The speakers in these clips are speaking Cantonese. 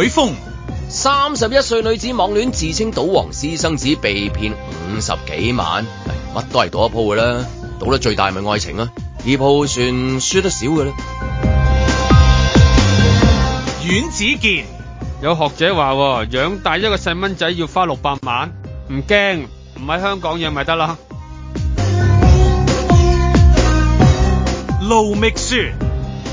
海峰，三十一歲女子網戀自稱賭王私生子，被騙五十幾萬，乜都係賭一鋪噶啦，賭得最大咪愛情咯，二鋪算輸得少嘅啦。阮子健，有學者話，養大一個細蚊仔要花六百萬，唔驚，唔喺香港嘢咪得啦。盧覓雪。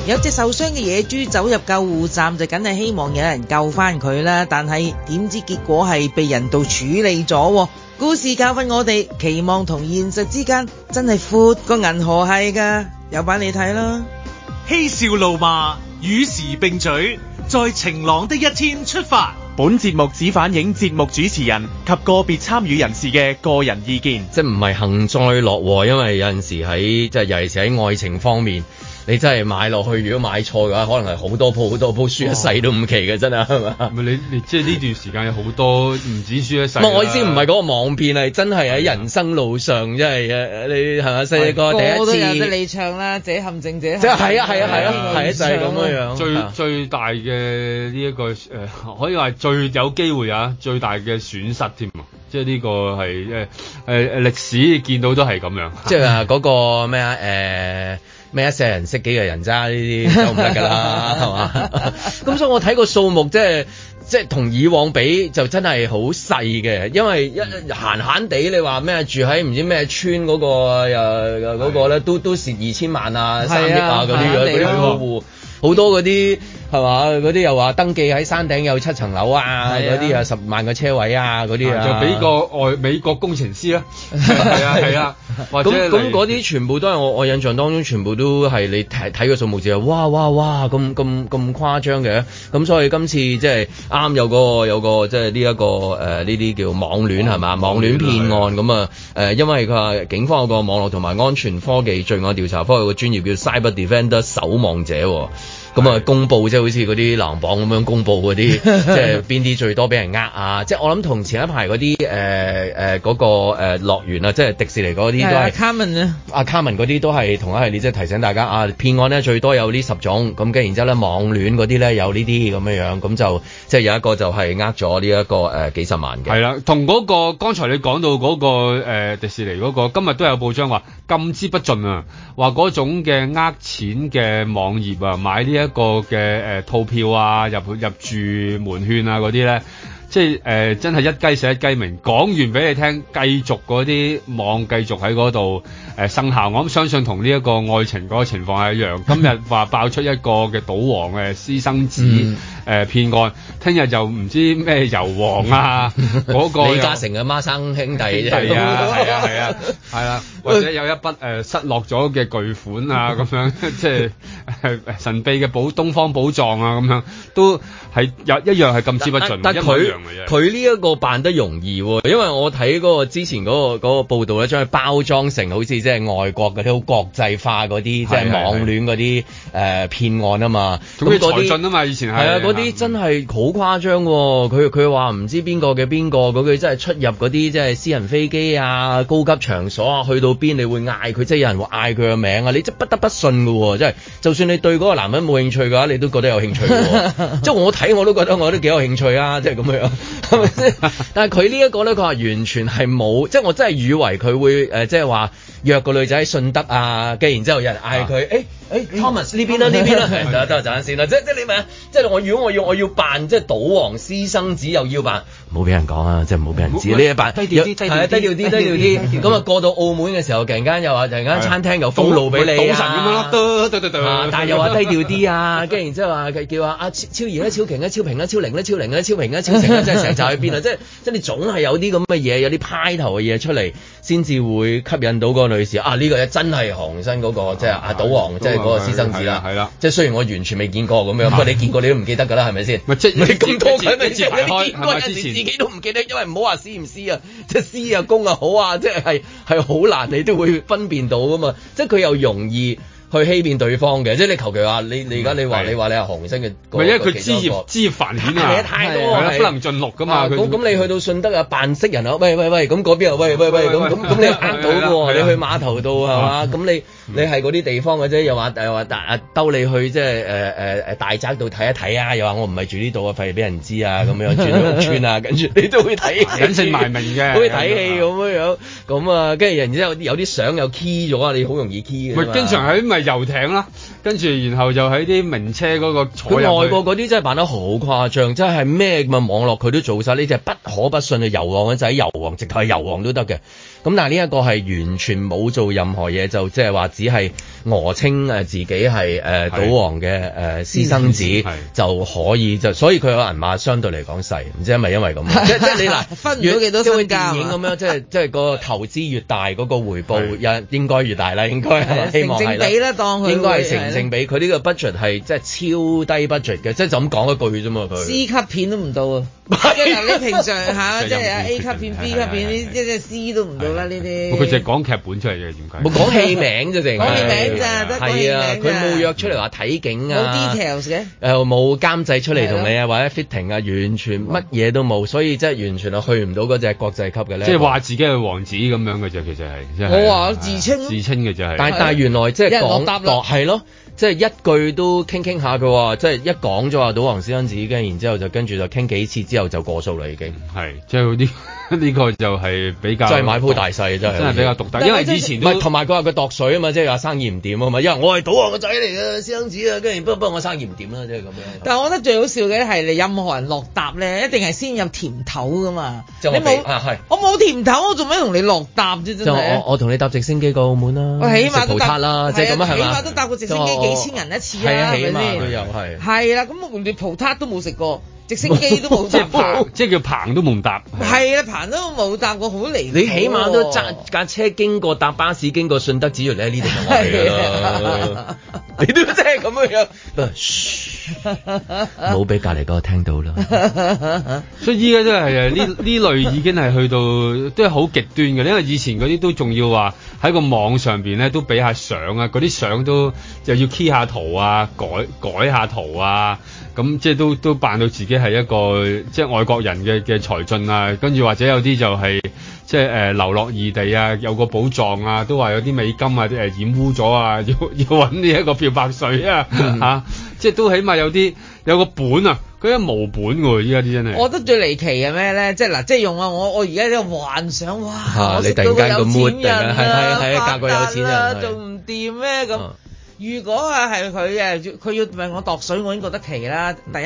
有隻受傷嘅野豬走入救護站，就梗係希望有人救翻佢啦。但係點知結果係被人道處理咗。故事教訓我哋，期望同現實之間真係闊過銀河系噶。有版你睇啦。嬉笑怒罵，與時並舉，在晴朗的一天出發。本節目只反映節目主持人及個別參與人士嘅個人意見，即唔係幸災樂禍。因為有陣時喺即係尤其是喺愛情方面。你真係買落去，如果買錯嘅話，可能係好多鋪好多鋪輸一世都唔奇嘅，真係係嘛？你你即係呢段時間有好多唔止輸一世。唔，我知唔係嗰個網片係真係喺人生路上，真係誒你係咪細個第一次。個都有得你唱啦，自己陷阱自己。即係係啊係啊係咯係一陣咁樣樣。最最大嘅呢一個誒，可以話最有機會啊，最大嘅損失添啊！即係呢個係誒誒誒歷史見到都係咁樣。即係啊嗰個咩啊誒？咩一世人識幾個人渣呢啲都唔得㗎啦，係嘛？咁 是吧 所以我睇個數目，即係即係同以往比，就真係好細嘅，因為一閒閒地，你話咩住喺唔知咩村嗰、嗰個又嗰的、嗰個咧，都都蝕二千萬啊、的三億啊嗰啲好幾戶，好多嗰啲。係嘛？嗰啲又話登記喺山頂有七層樓啊！嗰啲啊，十萬個車位啊！嗰啲啊，就俾個外美國工程師啊。係啊係啊。咁咁嗰啲全部都係我我印象當中，全部都係你睇睇個數目字啊！哇哇哇！咁咁咁誇張嘅。咁所以今次即係啱有個有個即係呢一個誒呢啲叫網戀係嘛戀？網戀騙案咁啊誒、嗯，因為佢話警方有個網絡同埋安全科技罪案調查科有個專業叫 Cyber Defender 守望者。咁啊，公布即係好似嗰啲籃榜咁樣公布嗰啲， 即係邊啲最多俾人呃啊？即係我諗同前一排嗰啲誒誒嗰個誒樂園啊，即、呃、係、呃呃哦呃、迪士尼嗰啲都係。阿卡文呢？阿卡文嗰啲都係同一系列，即、就、係、是、提醒大家啊，騙案呢，最多有呢十種咁跟住，然之後咧網戀嗰啲咧有呢啲咁樣樣，咁就即係有一個就係呃咗呢一個誒幾十萬嘅。係啦、啊，同嗰、那個剛才你講到嗰、那個迪、呃、士尼嗰、那個，今日都有報章話禁之不盡啊，話嗰種嘅呃錢嘅網頁啊，買呢一、這個一個嘅誒、呃、套票啊，入入住門券啊嗰啲咧，即係誒、呃、真係一雞死一雞鳴，講完俾你聽，繼續嗰啲網，繼續喺嗰度。誒生效，我諗相信同呢一個愛情嗰個情況係一樣。今日話爆出一個嘅賭王嘅私生子誒、嗯呃、騙案，聽日就唔知咩油王啊嗰、嗯、個李嘉誠嘅孖生兄弟啫。係啊係啊係啊，係啦、啊啊啊，或者有一筆誒、呃、失落咗嘅巨款啊咁樣， 即係神秘嘅寶東方寶藏啊咁樣，都係有一樣係咁之不盡。一樣佢呢一個辦得容易，因為我睇嗰個之前嗰個嗰個報道咧，將佢包裝成好似。即係外國嗰啲好國際化嗰啲，即係網戀嗰啲誒騙案啊嘛，咁啲財進啊嘛，以前係啊嗰啲真係好誇張喎。佢佢話唔知邊個嘅邊個嗰句，即係出入嗰啲即係私人飛機啊、高級場所啊，去到邊你會嗌佢，即係有人會嗌佢嘅名啊，你即不得不信嘅喎，即係就算你對嗰個男人冇興趣嘅話，你都覺得有興趣喎。 即係我睇我都覺得我都幾有興趣啊，即係咁樣，係 咪但係佢呢一個咧，佢話完全係冇，即係我真係以為佢會誒，即係話。約個女仔喺順德啊，既然之後有人嗌佢，誒、啊。欸誒，Thomas 呢邊啦，呢邊啦，等得陣先啦，即即你咪，即我如果我要我要扮即賭王私生子又要扮，唔好俾人講啊，即唔好俾人知呢一扮，低調啲，低調啲，低調啲，咁啊過到澳門嘅時候，突然間又話，突然間餐廳又封路俾你賭神咁樣得得得得，但係又話低調啲啊，跟住然之後話叫話阿超超儀咧、超瓊咧、超平咧、超靈咧、超靈咧、超平咧、超成成日集去邊啊？即即你總係有啲咁嘅嘢，有啲派頭嘅嘢出嚟，先至會吸引到個女士啊！呢個真係鴻燊嗰個即阿賭王即。嗰個私生子啦，係啦，即係雖然我完全未見過咁樣，的不過你見過你都唔記得㗎啦，係咪先？咪 即係咁多佢未見過，唔係有時自己都唔記得，因為唔好話私唔私啊，即係私啊公啊好啊，即係係係好難你都會分辨到㗎嘛，即係佢又容易。去欺騙對方嘅，即係你求其話你你而家你話你話你係紅星嘅，唔係因為佢枝葉枝葉繁衍嘢太多可能盡錄㗎嘛。咁你去到信德啊扮識人啊，喂喂喂，咁嗰邊啊，喂喂喂，咁咁咁你呃到喎，你去碼頭度係嘛？咁你你係嗰啲地方嘅啫，又話又話兜你去即係誒誒誒大宅度睇一睇啊，又話我唔係住呢度啊，費事俾人知啊咁樣轉咗屋邨啊，跟住你都會睇隱姓埋名嘅，好似睇戲咁樣咁啊，跟住人之後有啲相又 key 咗啊，你好容易 key 㗎嘛，經常喺遊艇啦，跟住然後就喺啲名車嗰個，佢外國嗰啲真係扮得好誇張，真係咩咁嘅網絡，佢都做晒。呢啲係不可不信啊！游王嘅仔，就係、游王直頭係游王都得嘅。咁但係呢一個係完全冇做任何嘢，就即係話只係訛稱誒自己係誒賭王嘅誒私生子就可以，就所以佢個銀碼相對嚟講細，唔知係咪因為咁？即即係你嗱，分唔到幾多新電影咁樣，即係即係個投資越大，嗰個回報應應該越大啦，應該係嘛？成正比啦，當佢應該係成正比。佢呢個 budget 係即係超低 budget 嘅，即係就咁講一句啫嘛。佢 C 級片都唔到啊！即係嗱，你平常下，即係 A 級片、B 級片，呢即隻 C 都唔到。佢就係講劇本出嚟啫，點解？冇講戲名啫，淨講戲名咋？係啊，佢冇約出嚟話睇景啊。冇 details 嘅，誒冇監製出嚟同你啊，或者 fitting 啊，完全乜嘢都冇，所以即係完全係去唔到嗰隻國際級嘅咧。即係話自己係王子咁樣嘅啫，其實係。冇話自稱自稱嘅啫，係。但但原來即係講係咯，即係一句都傾傾下，佢話即係一講咗話賭王先生自己嘅，然之後就跟住就傾幾次之後就過數啦，已經。係，即係嗰啲。呢個就係比較即係買鋪大細，真係真係比較獨特。因為以前同埋佢話佢度水啊嘛，即係話生意唔掂啊嘛。因為我係賭王個仔嚟嘅，師兄子啊。跟住不過不過我生意唔掂啦，即係咁樣。但係我覺得最好笑嘅係你任何人落搭咧，一定係先有甜頭㗎嘛。你冇我冇甜頭，我做咩同你落搭啫？我同你搭直升機過澳門啦。我起碼都搭啦，即係咁樣係嘛？起碼都搭過直升機幾千銀一次啊，係咪先？係啊，係啊，係。係啦，咁我連葡撻都冇食過。直升機都冇搭， 即係彭 叫棚都冇搭。係 啊，棚都冇搭，過好離。你起碼都揸架車經過，搭巴士經過順德，只係你喺呢度落嚟你都真係咁樣樣。唔好俾隔離嗰個聽到啦。 所以依家都係啊，呢呢類已經係去到都係好極端嘅，因為以前嗰啲都仲要話喺個網上邊咧都俾下相啊，嗰啲相都就要 key 下圖啊，改改下圖啊。咁、嗯、即係都都扮到自己係一個即係外國人嘅嘅財進啊，跟住或者有啲就係、是、即係誒、呃、流落異地啊，有個寶藏啊，都話有啲美金啊，啲、呃、染污咗啊，要要揾呢一個漂白水啊嚇、嗯啊，即係都起碼有啲有個本啊，佢一冇本喎、啊，依家啲真係。我覺得最離奇嘅咩咧？即係嗱，即係用我我在在啊！我我而家呢個幻想哇，我識到個有錢人係係係隔個有錢啊，仲唔掂咩咁？如果啊，係佢嘅，佢要問我度水，我已經覺得奇啦。第一，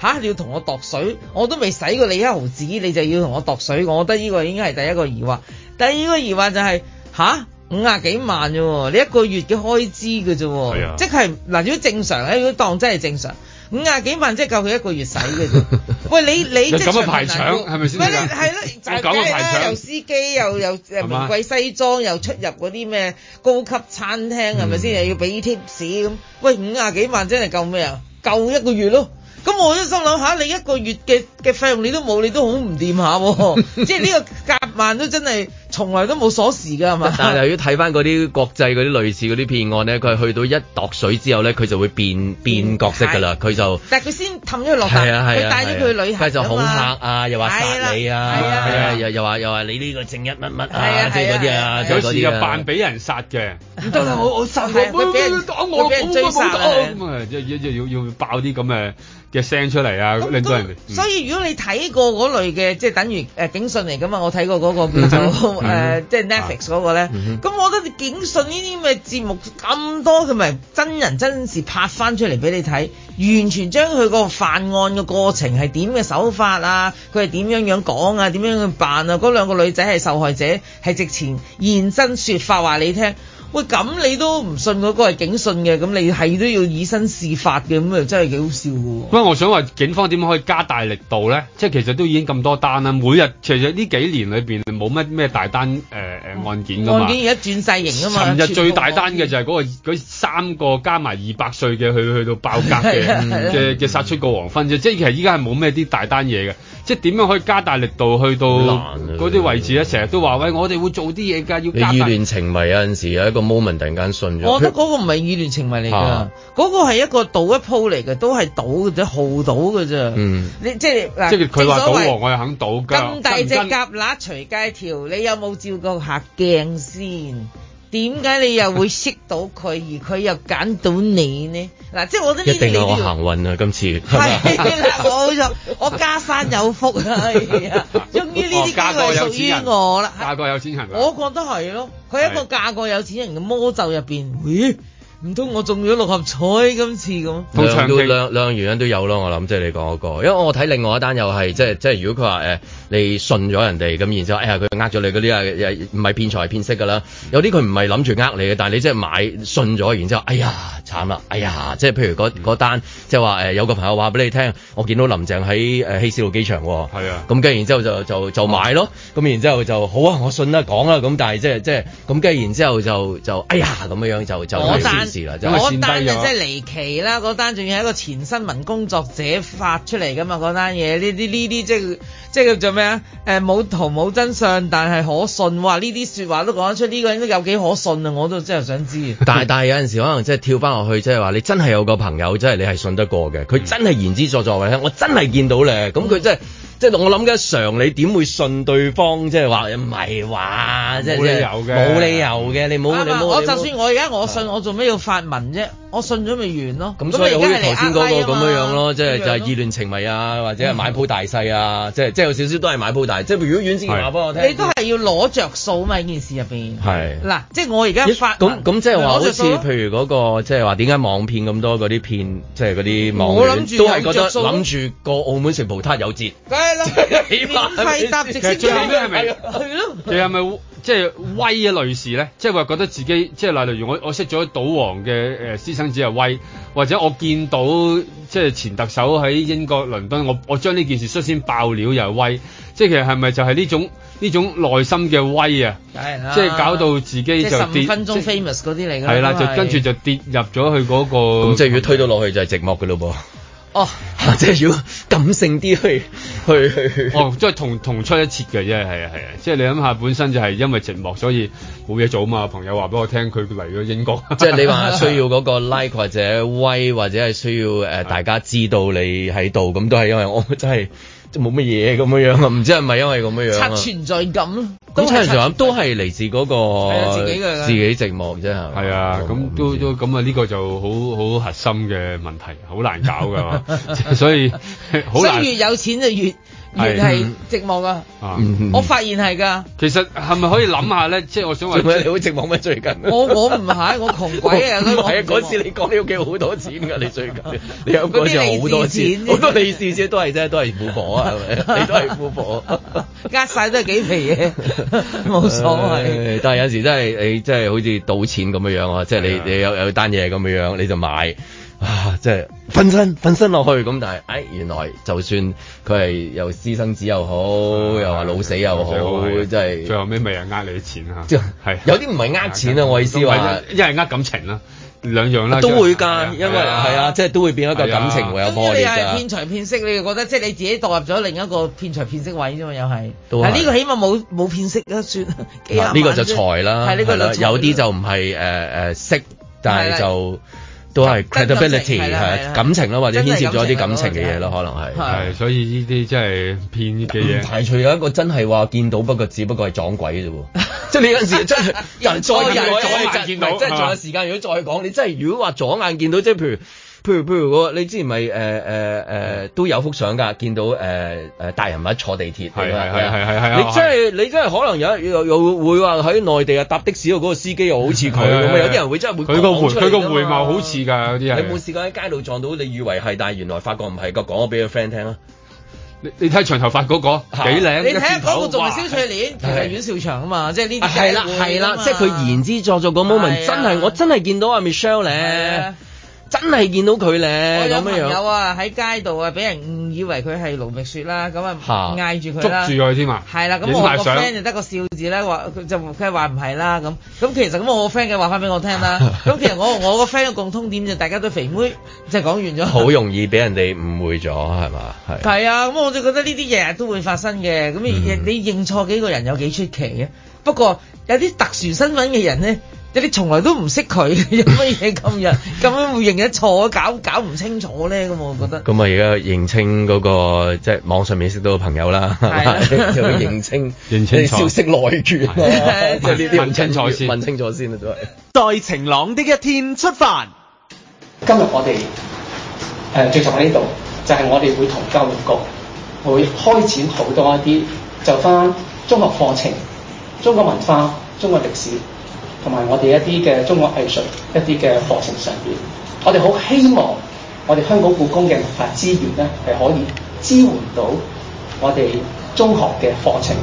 吓，你要同我度水，我都未使過你一毫子，你就要同我度水，我覺得呢個已經係第一個疑惑。第二個疑惑就係、是，吓，五廿幾萬啫，你一個月嘅開支㗎啫，啊、即係嗱，如果正常咧，如果當真係正常。五廿幾萬即係夠佢一個月使嘅啫。喂，你你即係咁嘅排場，係咪先？唔係你係咯，就係啦，又司機，又又誒名貴西裝，又出入嗰啲咩高級餐廳，係咪先？又要俾 tips 咁。喂，五廿幾萬真係夠咩啊？夠一個月咯。咁、嗯、 我都心諗吓，你一個月嘅嘅費用你都冇，你都好唔掂下喎。 即係呢個夾萬都真係。從來都冇鎖匙㗎係嘛？但係又要睇翻嗰啲國際嗰啲類似嗰啲騙案咧，佢係去到一度水之後咧，佢就會變變角色㗎啦，佢就但係佢先氹咗落嚟，佢帶咗佢去旅行。佢就恐嚇啊，又話殺你啊，又又話又話你呢個正一乜乜啊，即係嗰啲啊，有時又扮俾人殺嘅。唔得啦，我我殺你！唔唔唔，打我啦！唔得唔得啊！咁啊，即係要要要爆啲咁嘅嘅聲出嚟啊！令到人所以如果你睇過嗰類嘅，即係等於誒警訊嚟㗎嘛，我睇過嗰個叫做。誒，即係、 呃就是、Netflix 嗰個咧，咁我覺得警訊呢啲咁嘅節目咁多，同埋真人真事拍翻出嚟俾你睇，完全將佢個犯案嘅過程係點嘅手法啊，佢係點樣樣講啊，點樣去辦啊，嗰兩個女仔係受害者，係直前現身說法話你聽。喂，咁你都唔信嗰個係警訊嘅，咁你係都要以身試法嘅，咁又真係幾好笑喎。不過我想話，警方點樣可以加大力度咧？即係其實都已經咁多單啦，每日其實呢幾年裏邊冇乜咩大單誒誒案件㗎嘛。案件而家轉細型㗎嘛。尋日最大單嘅就係嗰、嗰個嗰三、嗰個、個加埋二百歲嘅去去到爆格嘅嘅嘅殺出個黃昏啫， 嗯、即係其實依家係冇咩啲大單嘢嘅。即係點樣可以加大力度去到嗰啲位置咧？成日、啊、都話喂，我哋會做啲嘢㗎，要加。意亂情迷有陣時有一個 moment 突然間信咗。我覺得嗰個唔係意亂情迷嚟㗎，嗰、啊、個係一個賭一鋪嚟嘅，都係賭嘅啫，豪賭賭㗎啫。嗯，你即係，即係佢話賭王，我又肯賭，正所謂咁大隻蛤乸隨街跳，你有冇照過下鏡先？點解你又會識到佢，而佢又揀到你呢？嗱、啊，即係我覺得呢啲事一定係我行運啊！今次係冇錯，我家山有福啊！終於呢啲機會係屬於我啦！嫁、哦、過有錢人，我覺得係咯，佢一個嫁過有錢人嘅魔咒入邊，咦？唔通我中咗六合彩今次咁？兩兩兩樣原因都有咯，我諗即係你講嗰個，因為我睇另外一單又係即係即係如果佢話誒你信咗人哋咁，然之後哎呀佢呃咗你嗰啲啊唔係騙財係騙色㗎啦，有啲佢唔係諗住呃你嘅，但係你即係買信咗，然之後哎呀慘啦，哎呀即係、哎、譬如嗰、嗯、單即係話誒有個朋友話俾你聽，我見到林鄭喺誒希斯路機場喎，係啊，咁跟然之後，後就就就，就買咯，咁、哦、然之後就好啊，我信啦講啦，咁但係即係即係咁跟然之後，後，後，後就就哎呀咁樣這樣就、哎、樣樣樣樣樣就開始。嗰單就真係離奇啦，嗰單仲要係一個前新聞工作者發出嚟噶嘛，嗰單嘢呢啲呢啲即係即係叫做咩啊？誒、呃、冇圖冇真相，但係可信，哇！呢啲説話都講得出，呢、這個人都有幾可信啊！我都真係想知 但。但係但係有陣時可能即係跳翻落去，即係話你真係有個朋友，真、就、係、是、你係信得過嘅，佢真係言之鑿鑿咧，我真係見到咧，咁佢真係。 即係我諗嘅常理，你點會信對方？即係話唔係話，即係冇理由嘅，冇是理由嘅。你冇沒，我就算我而家我信，沒我做咩要發文啫？我信咗咪完咯，咁所以好似頭先嗰個咁樣樣咯，即係就係意亂情迷啊，或者係買鋪大細啊，即係即係有少少都係買鋪大，即係如果遠志話俾我聽，你都係要攞著數嘛？件事入邊，係嗱，即係我而家咁咁即係話好似譬如嗰個即係話點解網片咁多嗰啲片，即係嗰啲網，我都係覺得諗住個澳門城葡撻有折，誒諗係搭直升機，係咯，仲有咪？即係威嘅類事咧，即係話覺得自己即係例如我我識咗賭王嘅誒、呃、私生子係威，或者我見到即係前特首喺英國倫敦，我我將呢件事率先爆料又係威，即係其實係咪就係呢種呢種內心嘅威啊？啊即係搞到自己就跌，十五分鐘跌 famous 啲嚟啦，係啦，就係就係、跟住就跌入咗去嗰、嗰個，咁即係如果推到落去就係寂寞嘅咯噃。 哦，即係要感性啲去去去 哦，即、就、係、是、同同出一切嘅啫，係啊係啊，即係你諗下，本身就係因為寂寞，所以冇嘢做啊嘛，朋友話俾我聽，佢嚟咗英國，即係你話需要嗰個 like 或者威或者係需要誒、呃、大家知道你喺度，咁都係因為我真係。即冇乜嘢咁樣 樣樣啊，唔知係咪因為咁樣樣？刷存在感咯，都刷存在感，都係嚟自嗰、個、啊、自己嘅自己寂寞啫，係嘛？係啊，咁那都都咁啊，呢、個就好好核心嘅問題，好難搞㗎嘛， 所以好 難越有錢就越而係寂寞啊！嗯、我發現係㗎。其實係咪可以諗下咧？即係我想問佢你好寂寞咩？最近我我唔係，我窮鬼啊！嗰時、啊、你講你屋企好多錢㗎，你最近你有嗰啲好多錢多，好多利是啫，都係啫，都係富婆啊，係咪？ 你都係富婆，呃晒都係幾皮嘢，冇所謂 、哎。但係有時真係你真係好似賭錢咁樣樣啊！即係你你有有單嘢咁樣樣，你就買。啊！即係瞓身瞓身落去咁，但係哎，原來就算佢係又私生子又好，又話老死又好，即係最後尾咪又呃你啲錢啊！即係有啲唔係呃錢啊，我意思話一係呃感情啦，兩樣啦都會噶，因為係啊，即係都會變一個感情位多啲噶。咁你又係騙財騙色，你又覺得即係你自己墮入咗另一個騙財騙色位啫嘛？又係，但呢個起碼冇冇騙色啦，算呢個就財啦，有啲就唔係誒誒色，但係就。都係 credibility 係感情啦，或者牽涉咗啲感情嘅嘢咯，可能係係，嗯、的所以呢啲真係偏嘅嘢。唔排除有一個真係話見到，不過只不過係撞鬼啫喎！即係你陣時真係人再人再見到，即係仲有時間。啊、如果再講，你真係如果話左眼見到，即係譬如。譬如譬如你之前咪誒誒誒都有幅相㗎，見到誒誒大人物坐地鐵，係係係係係。你真係你真係可能有有有會話喺內地啊搭的士，嗰個司機又好似佢，咁有啲人會真係佢個佢個面貌好似㗎，有啲人。你冇試過喺街度撞到你以為係，但係原來發覺唔係，個講咗俾個 friend 聽啦。你你睇長頭髮嗰個幾靚？你睇嗰個仲係蕭翠蓮，其實阮兆祥啊嘛，即係呢啲。係啦係啦，即係佢言之鑿鑿個 moment 真係我真係見到阿 Michelle 咧。真係見到佢咧！我有朋友啊咁樣，喺街度啊，俾人誤以為佢係盧覓雪啦，咁啊嗌住佢啦，捉住佢添嘛。係啦，咁我個 friend 就得個笑字啦，話就佢話唔係啦咁。咁其實咁我個 friend 嘅話翻俾我聽啦。咁其實我我個 friend 嘅共通點就大家都肥妹，即係講完咗。好容易俾人哋誤會咗係嘛？係係啊！咁我就覺得呢啲嘢日日都會發生嘅。咁你認錯幾個人有幾出奇嘅？不過有啲特殊身份嘅人咧。你哋從來都唔識佢，有乜嘢今日咁樣會，會認得錯，搞搞唔清楚咧，咁我覺得咁啊、嗯，而家認清嗰、那個即係、就是、網上面識到嘅朋友啦，要是、啊、 認清認清消息來源，問清楚先，問清楚先啊！都係在晴朗的一天出發。今日我哋誒聚集喺呢度，就係、是、我哋會同教育局會開展好多一啲就翻中學課程、中國文化、中國歷史。同埋我哋一啲嘅中國藝術、一啲嘅課程上邊，我哋好希望我哋香港故宮嘅文化資源咧，係可以支援到我哋中學嘅課程。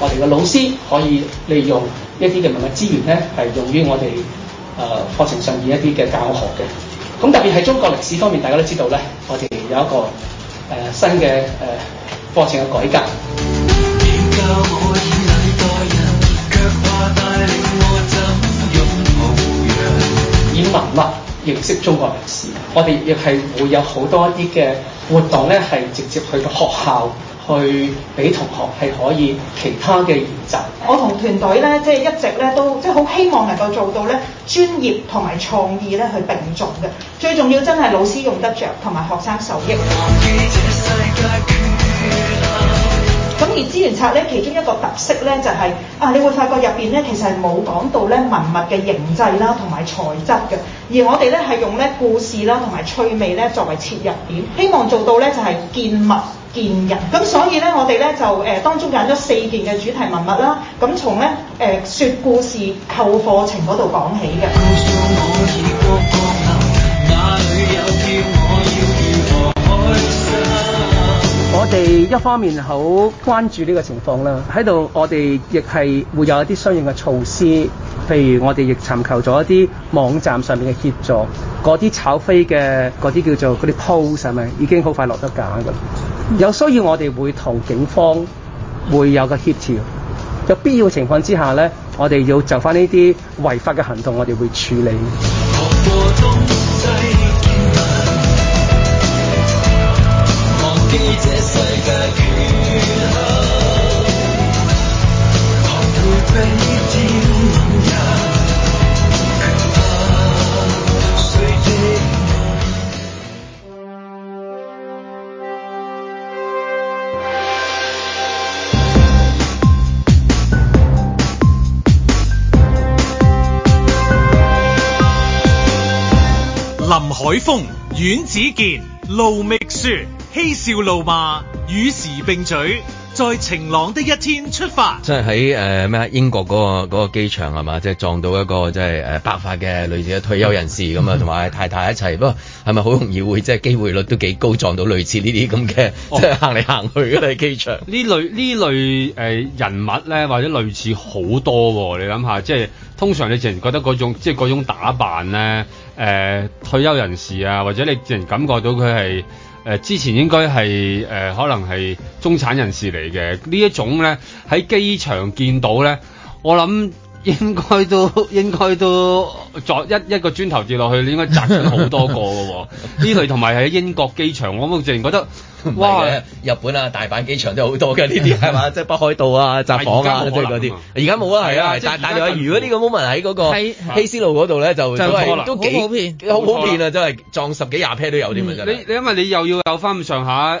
我哋嘅老師可以利用一啲嘅文物資源咧，係用於我哋誒課程上面一啲嘅教學嘅。咁特別係中國歷史方面，大家都知道咧，我哋有一個誒、呃、新嘅誒。呃課程嘅改革，以文物認識中國歷史，我哋亦係會有好多啲嘅活動咧，係直接去到學校去俾同學係可以其他嘅研習。我同團隊咧，即係一直咧都即係好希望能夠做到咧專業同埋創意咧去並重嘅，最重要真係老師用得着，同埋學生受益。咁而資源冊咧，其中一個特色咧就係、是、啊，你會發覺入邊咧其實係冇講到咧文物嘅形制啦，同埋材質嘅。而我哋咧係用咧故事啦，同埋趣味咧作為切入點，希望做到咧就係、是、見物見人。咁所以咧，我哋咧就誒、呃、當中揀咗四件嘅主題文物啦。咁從咧誒説故事、購課程嗰度講起嘅。 我哋一方面好關注呢個情況啦，喺度我哋亦係會有一啲相應嘅措施，譬如我哋亦尋求咗一啲網站上面嘅協助，嗰啲炒飛嘅嗰啲叫做嗰啲 post 係咪已經好快落得架㗎？有需要我哋會同警方會有個協調，有必要嘅情況之下咧，我哋要就翻呢啲違法嘅行動，我哋會處理。林海峰、阮子健、盧覓雪。嬉笑怒罵，與時並進，在晴朗的一天出發。即係喺誒咩啊？英國嗰、那個嗰、那個機場係嘛？即係、就是、撞到一個即係誒、呃、白髮嘅類似退休人士咁啊，同埋太太一齊。不過係咪好容易會即係機會率都幾高撞到類似呢啲咁嘅即係行嚟行去嘅喺機場？呢類呢類誒人物咧，或者類似好多喎、哦。你諗下，即係通常你自然覺得嗰種即係嗰種打扮咧誒、呃、退休人士啊，或者你自然感覺到佢係。誒、呃、之前應該係誒、呃、可能係中產人士嚟嘅呢一種咧，喺機場見到咧，我諗應該都應該都作一一個磚頭跌落去，你應該砸咗好多個㗎喎。呢類同埋喺英國機場，我目前覺得。哇！日本啊，大阪機場都好多嘅呢啲係嘛？即係北海道啊、札幌啊，嗰啲。而家冇啊，係啊。但但係如果呢個 moment 喺嗰個希斯路嗰度咧，就都都幾好普遍啊！真係撞十幾廿 pair 都有啲㗎。你你因為你又要有翻咁上下誒誒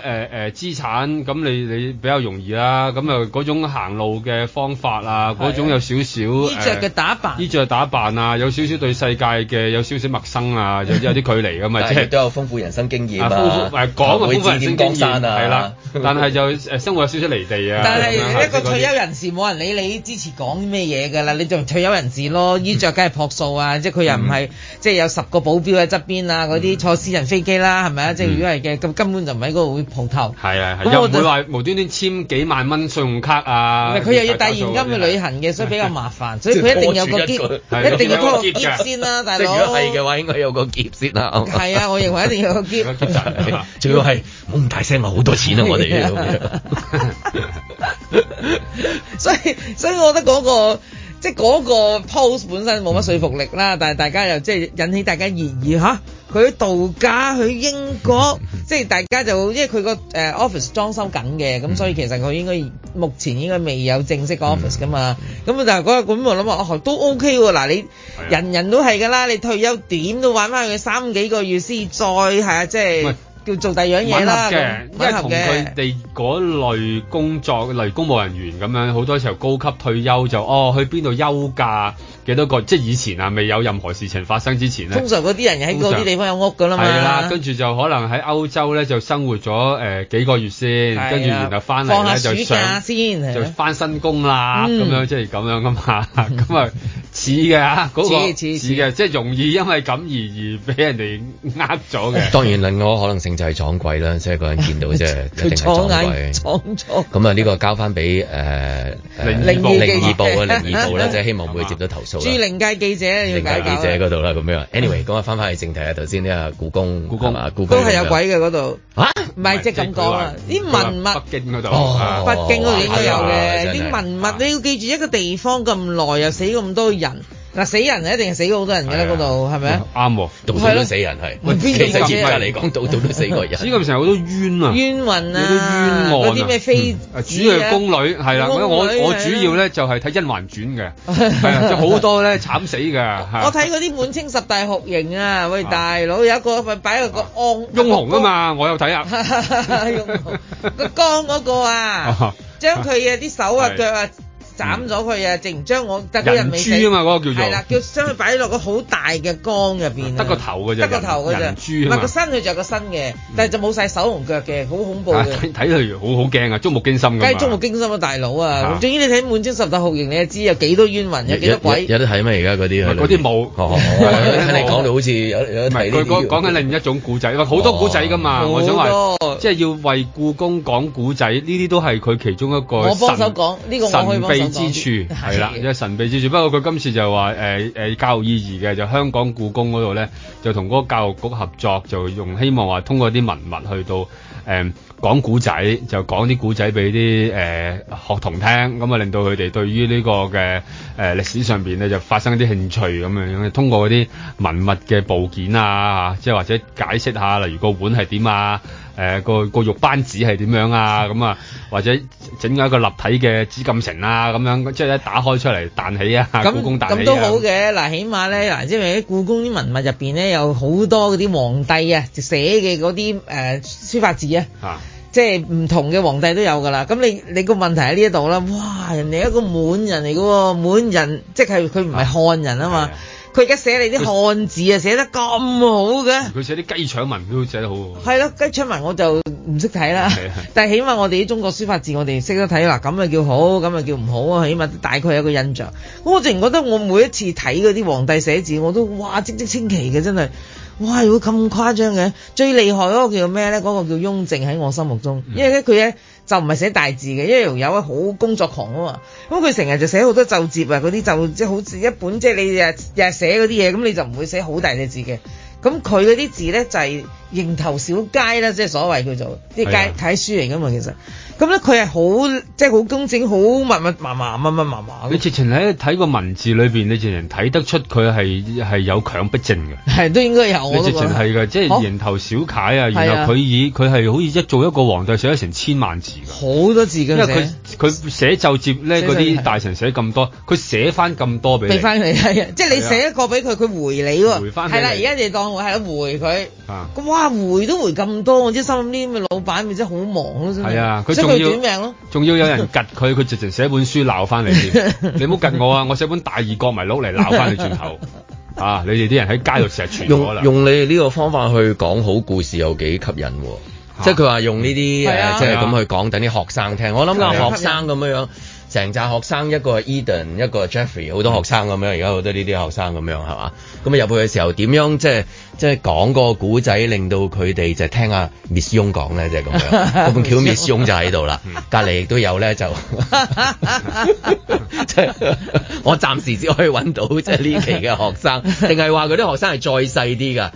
資產，咁你你比較容易啦。咁又嗰種行路嘅方法啊，嗰種有少少衣著嘅打扮，衣著嘅打扮啊，有少少對世界嘅有少少陌生啊，有啲距離㗎嘛。即係都有豐富人生經驗啊，係啦，但係就誒生活有少少離地啊。但係一個退休人士冇人理你支持講啲咩嘢㗎啦，你做退休人士咯，衣著梗係樸素啊，即係佢又唔係即係有十個保鏢喺側邊啊，嗰啲坐私人飛機啦，係咪啊？即係如果係嘅，咁根本就唔喺嗰度會鋪頭。係啊係啊。又唔會話無端端簽幾萬蚊信用卡啊？佢又要帶現金去旅行嘅，所以比較麻煩，所以佢一定有個結，一定要個揭先啦，大佬。即係如果係嘅話，應該有個揭先啦。係啊，我認為一定要有個揭。仲要係大聲話好多錢啊，我哋，所以所以我覺得嗰個即係嗰個 post 本身冇乜說服力啦，但係大家又即係引起大家熱議吓，佢度假去英國，即係大家就因為佢個誒 office 裝修緊嘅，咁所以其實佢應該目前應該未有正式 office 噶嘛，咁啊但係嗰個觀眾諗話哦都 OK 喎，嗱你人人都係噶啦，你退休點都玩翻佢三幾個月先再係啊，即係。要做第二樣嘢啦，因為同佢哋嗰類工作，例如公務人員咁樣，好多時候高級退休就哦，去邊度休假，幾多個即係以前啊，未有任何事情發生之前咧，通常嗰啲人喺嗰啲地方有屋㗎啦嘛，係啦，跟住就可能喺歐洲咧就生活咗誒幾個月先，跟住然後翻嚟咧就上就翻新工啦，咁樣即係咁樣㗎嘛，咁啊似嘅嚇，似嘅，即係容易因為咁而而俾人哋呃咗嘅。當然另我可能性。就係撞鬼啦，即係個人見到啫，一定係撞鬼。撞錯咁啊！呢個交翻俾誒靈異報，靈異報啊，靈異報啦，即係希望會接到投訴啦。駐靈界記者，靈界記者嗰度啦，咁樣。Anyway，咁啊，翻返去正題啊，頭先呢啊，故宮，故宮啊，故宮都係有鬼嘅嗰度。嚇？唔係即係咁講啊，啲文物北京嗰度，北京嗰度應該有嘅。啲文物你要記住一個地方咁耐，又死咁多人。嗱死人啊，一定係死好多人噶嗰度，係咪啊？啱，倒到死人係。其實真係你講倒倒到死過人。最近成日好多冤啊，冤魂啊，嗰啲咩非主要係宮女係啦。我我主要咧就係睇《甄嬛傳》嘅，係啊，就好多咧慘死嘅。我睇嗰啲滿清十大酷刑啊，喂大佬有一個佢擺一個安。翁雄啊嘛，我有睇啊。翁雄，個江嗰個啊，將佢嘅啲手啊腳啊。斬咗佢啊！直然將我得嗰日未死，係啦，叫將佢擺喺落個好大嘅缸入邊。得個頭㗎啫，得個頭㗎啫。人珠啊嘛，個身佢就係個身嘅，但係就冇晒手同腳嘅，好恐怖嘅。睇佢好好驚啊，觸目驚心㗎嘛！梗係觸目驚心啦，大佬啊！至於你睇《滿清十大酷刑》，你就知有幾多冤魂，有幾多鬼。有得睇咩？而家嗰啲嗰啲冇。哦，你講到好似有有唔係佢講講緊另一種古仔，話好多古仔㗎嘛。我想話即係要為故宮講古仔，呢啲都係佢其中一個。我幫手講呢個，我可以幫手。之處係啦，有神秘之處的。不過佢今次就話誒、誒教育意義嘅，就香港故宮嗰度咧，就同嗰個教育局合作，就用希望話通過啲文物去到誒、呃、講古仔，就講啲古仔俾啲誒學童聽，咁啊令到佢哋對於呢個嘅誒、呃、歷史上邊咧就發生一啲興趣咁樣樣。通過嗰啲文物嘅部件啊，即係或者解釋下，例如個碗係點啊。誒、呃、個個玉扳指係點樣啊？咁啊，或者整咗一個立體嘅紫禁城啊，咁樣即係一打開出嚟彈起啊！故宮彈起咁咁都好嘅，嗱、啊，起碼咧，嗱、啊，即係喺故宮啲文物入邊咧，有好多嗰啲皇帝啊，寫嘅嗰啲誒書法字啊，啊即係唔同嘅皇帝都有㗎啦。咁你你個問題喺呢一度啦，哇！人哋一個滿人嚟嘅喎，滿人即係佢唔係漢人啊嘛。啊佢而家寫你啲漢字啊，寫得咁好嘅。佢、嗯、寫啲雞腸文都寫得好好。係咯，雞腸文我就唔識睇啦。係啊，但係起碼我哋中國書法字我哋識得睇啦。咁啊叫好，咁啊叫唔好啊。起碼大概有個印象。我自然覺得我每一次睇嗰啲皇帝寫字，我都哇，跡跡清奇嘅真係。哇，如果咁誇張嘅？最厲害嗰個叫咩咧？嗰、嗰個叫雍正喺我心目中，嗯、因為咧佢喺。就唔係寫大字嘅，因為有位啊好工作狂啊嘛，咁佢成日就寫好多奏折啊嗰啲奏，即係好似一本即係、就是、你日日寫嗰啲嘢，咁你就唔會寫好大隻字嘅。咁佢嗰啲字咧就係、是、蠅頭小楷啦，即、就、係、是、所謂叫做啲楷楷書嚟噶嘛，其實。咁咧佢係好即係好工整，好密密麻麻、密密麻麻。你直情喺睇個文字裏邊，你直情睇得出佢係係有強迫症嘅。係都應該有。你直情係嘅，即係蠅頭小楷啊，然後佢以佢係好似一做一個皇帝寫咗成千萬字。好多字嘅。佢佢寫奏摺咧，嗰啲大臣寫咁多，佢寫翻咁多俾你。俾翻佢即係你寫一個俾佢，佢回你喎。回翻你。係啦，而家你當我係一回佢。哇，回都回咁多，我真心諗啲咁嘅老闆咪真係好忙咯，係。啊，要命咯，仲要有人及佢，佢直情寫本書鬧翻嚟先。你唔好及我啊，我寫本大異國迷錄嚟鬧翻你轉頭。 啊，你哋啲人喺街度成日傳用，用你呢個方法去講好故事有幾吸引喎、啊，啊、即係佢話用呢啲誒，啊嗯呃啊、即係咁去講等啲學生聽。我諗下學生咁樣。成紮學生，一個 Eden，一個 Jeffrey，好多學生咁樣。而家好多呢啲學生咁樣，係嘛？咁啊入去嘅時候，點樣即係即係講個古仔，令到佢哋就聽下 Miss 翁講咧，就咁樣。咁巧 Miss 翁就喺度啦，隔離亦都有咧，就即係我暫時只可以揾到即係呢期嘅學生，定係話嗰啲學生係再細啲㗎？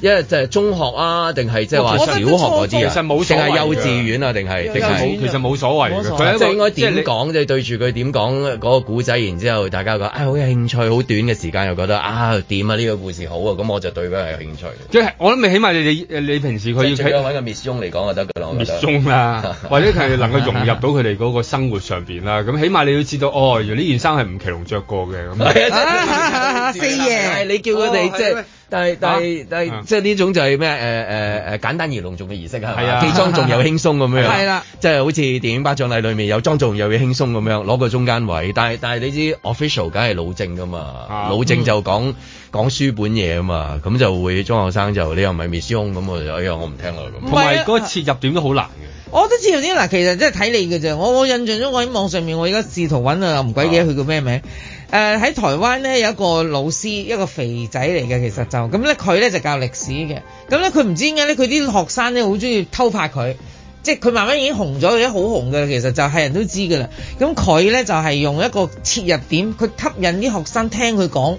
因為就係中學啊，定係即係話小學嗰啲、啊，定係幼稚園啊，定係定係其實冇所謂，佢 一個就應該點講，即係對住佢點講嗰個故仔，然之後大家講啊，好、哎、有興趣，好短嘅時間又覺得啊，點啊呢個故事好啊，咁我就對佢係有興趣。即係我諗起碼你哋，你平時佢要喺揾個 Miss 嚟講就得㗎喇，Miss 啦，或者係能夠融入到佢哋嗰個生活上邊啦。咁起碼你要知道，哦，原來呢件衫係吳奇隆着過嘅。係啊，四爺，你叫佢哋、oh, 即係。但係、啊、但係但係，啊、即係呢種就係咩誒誒誒簡單而隆重嘅儀式啊，既莊重又輕鬆咁樣。係啦，即係好似電影《頒獎禮》裡面有莊重又要輕鬆咁樣，攞個中間位。但係但係你知 official 梗係老正㗎嘛，啊、老正就講、嗯、講書本嘢啊嘛，咁就會中學生就你又咪係未師兄咁我就哎呀我唔聽落咁同埋嗰切入點都好難嘅。是我都知嗰啲嗱，其實真係睇你嘅啫。我我印象中我喺網上面，我而家試圖揾啊唔鬼記得，佢叫咩名？誒喺、uh, 台灣咧有一個老師，一個肥仔嚟嘅，其實就咁咧，佢咧就教歷史嘅。咁咧佢唔知點解咧，佢啲學生咧好中意偷拍佢，即係佢慢慢已經紅咗，已經好紅嘅，其實就係人都知㗎啦。咁佢咧就係、是、用一個切入點，佢吸引啲學生聽佢講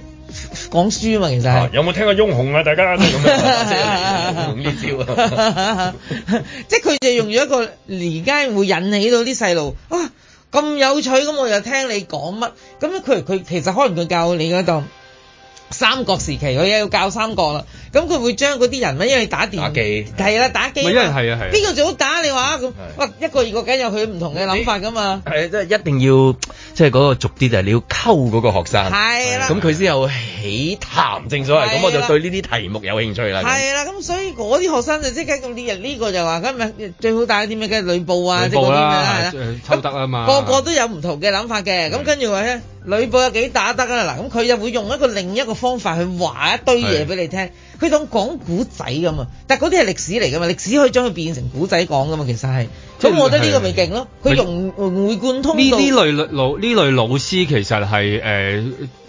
講書啊嘛，其實、啊。有冇聽過翁紅啊？大家咁樣即係用呢招，即係佢就用咗一個而家會引起到啲細路啊！咁有趣，咁我又聽你講乜？咁咧，佢佢其實可能佢教你嗰個，三國時期佢又要教三國啦。咁佢會將嗰啲人物，因為打電打機係啦，打機啊，係啊係啊，邊個最好打你話啊咁？哇一個二個梗有佢唔同嘅諗法噶嘛。係即係一定要即係嗰個熟啲就係你要溝嗰個學生。係啦。咁佢先有起痰，正所謂。係啦。咁我就對呢啲題目有興趣啦。係啦。咁所以嗰啲學生就即刻咁呢？呢個就話咁咪最好打啲咩嘅？呂布啊，即係嗰啲咩啦係啦。抽得吖嘛。咁個個都有唔同嘅諗法嘅。咁跟住話咧，呂布有幾打得啊？嗱咁佢又會用一個另一個方法去話一堆嘢俾你聽。佢當講古仔咁啊，但係嗰啲係歷史嚟㗎嘛，歷史可以將佢變成古仔講㗎嘛，其實係。咁我覺得呢個咪勁咯，佢融會貫通到。呢類老呢類老師其實係誒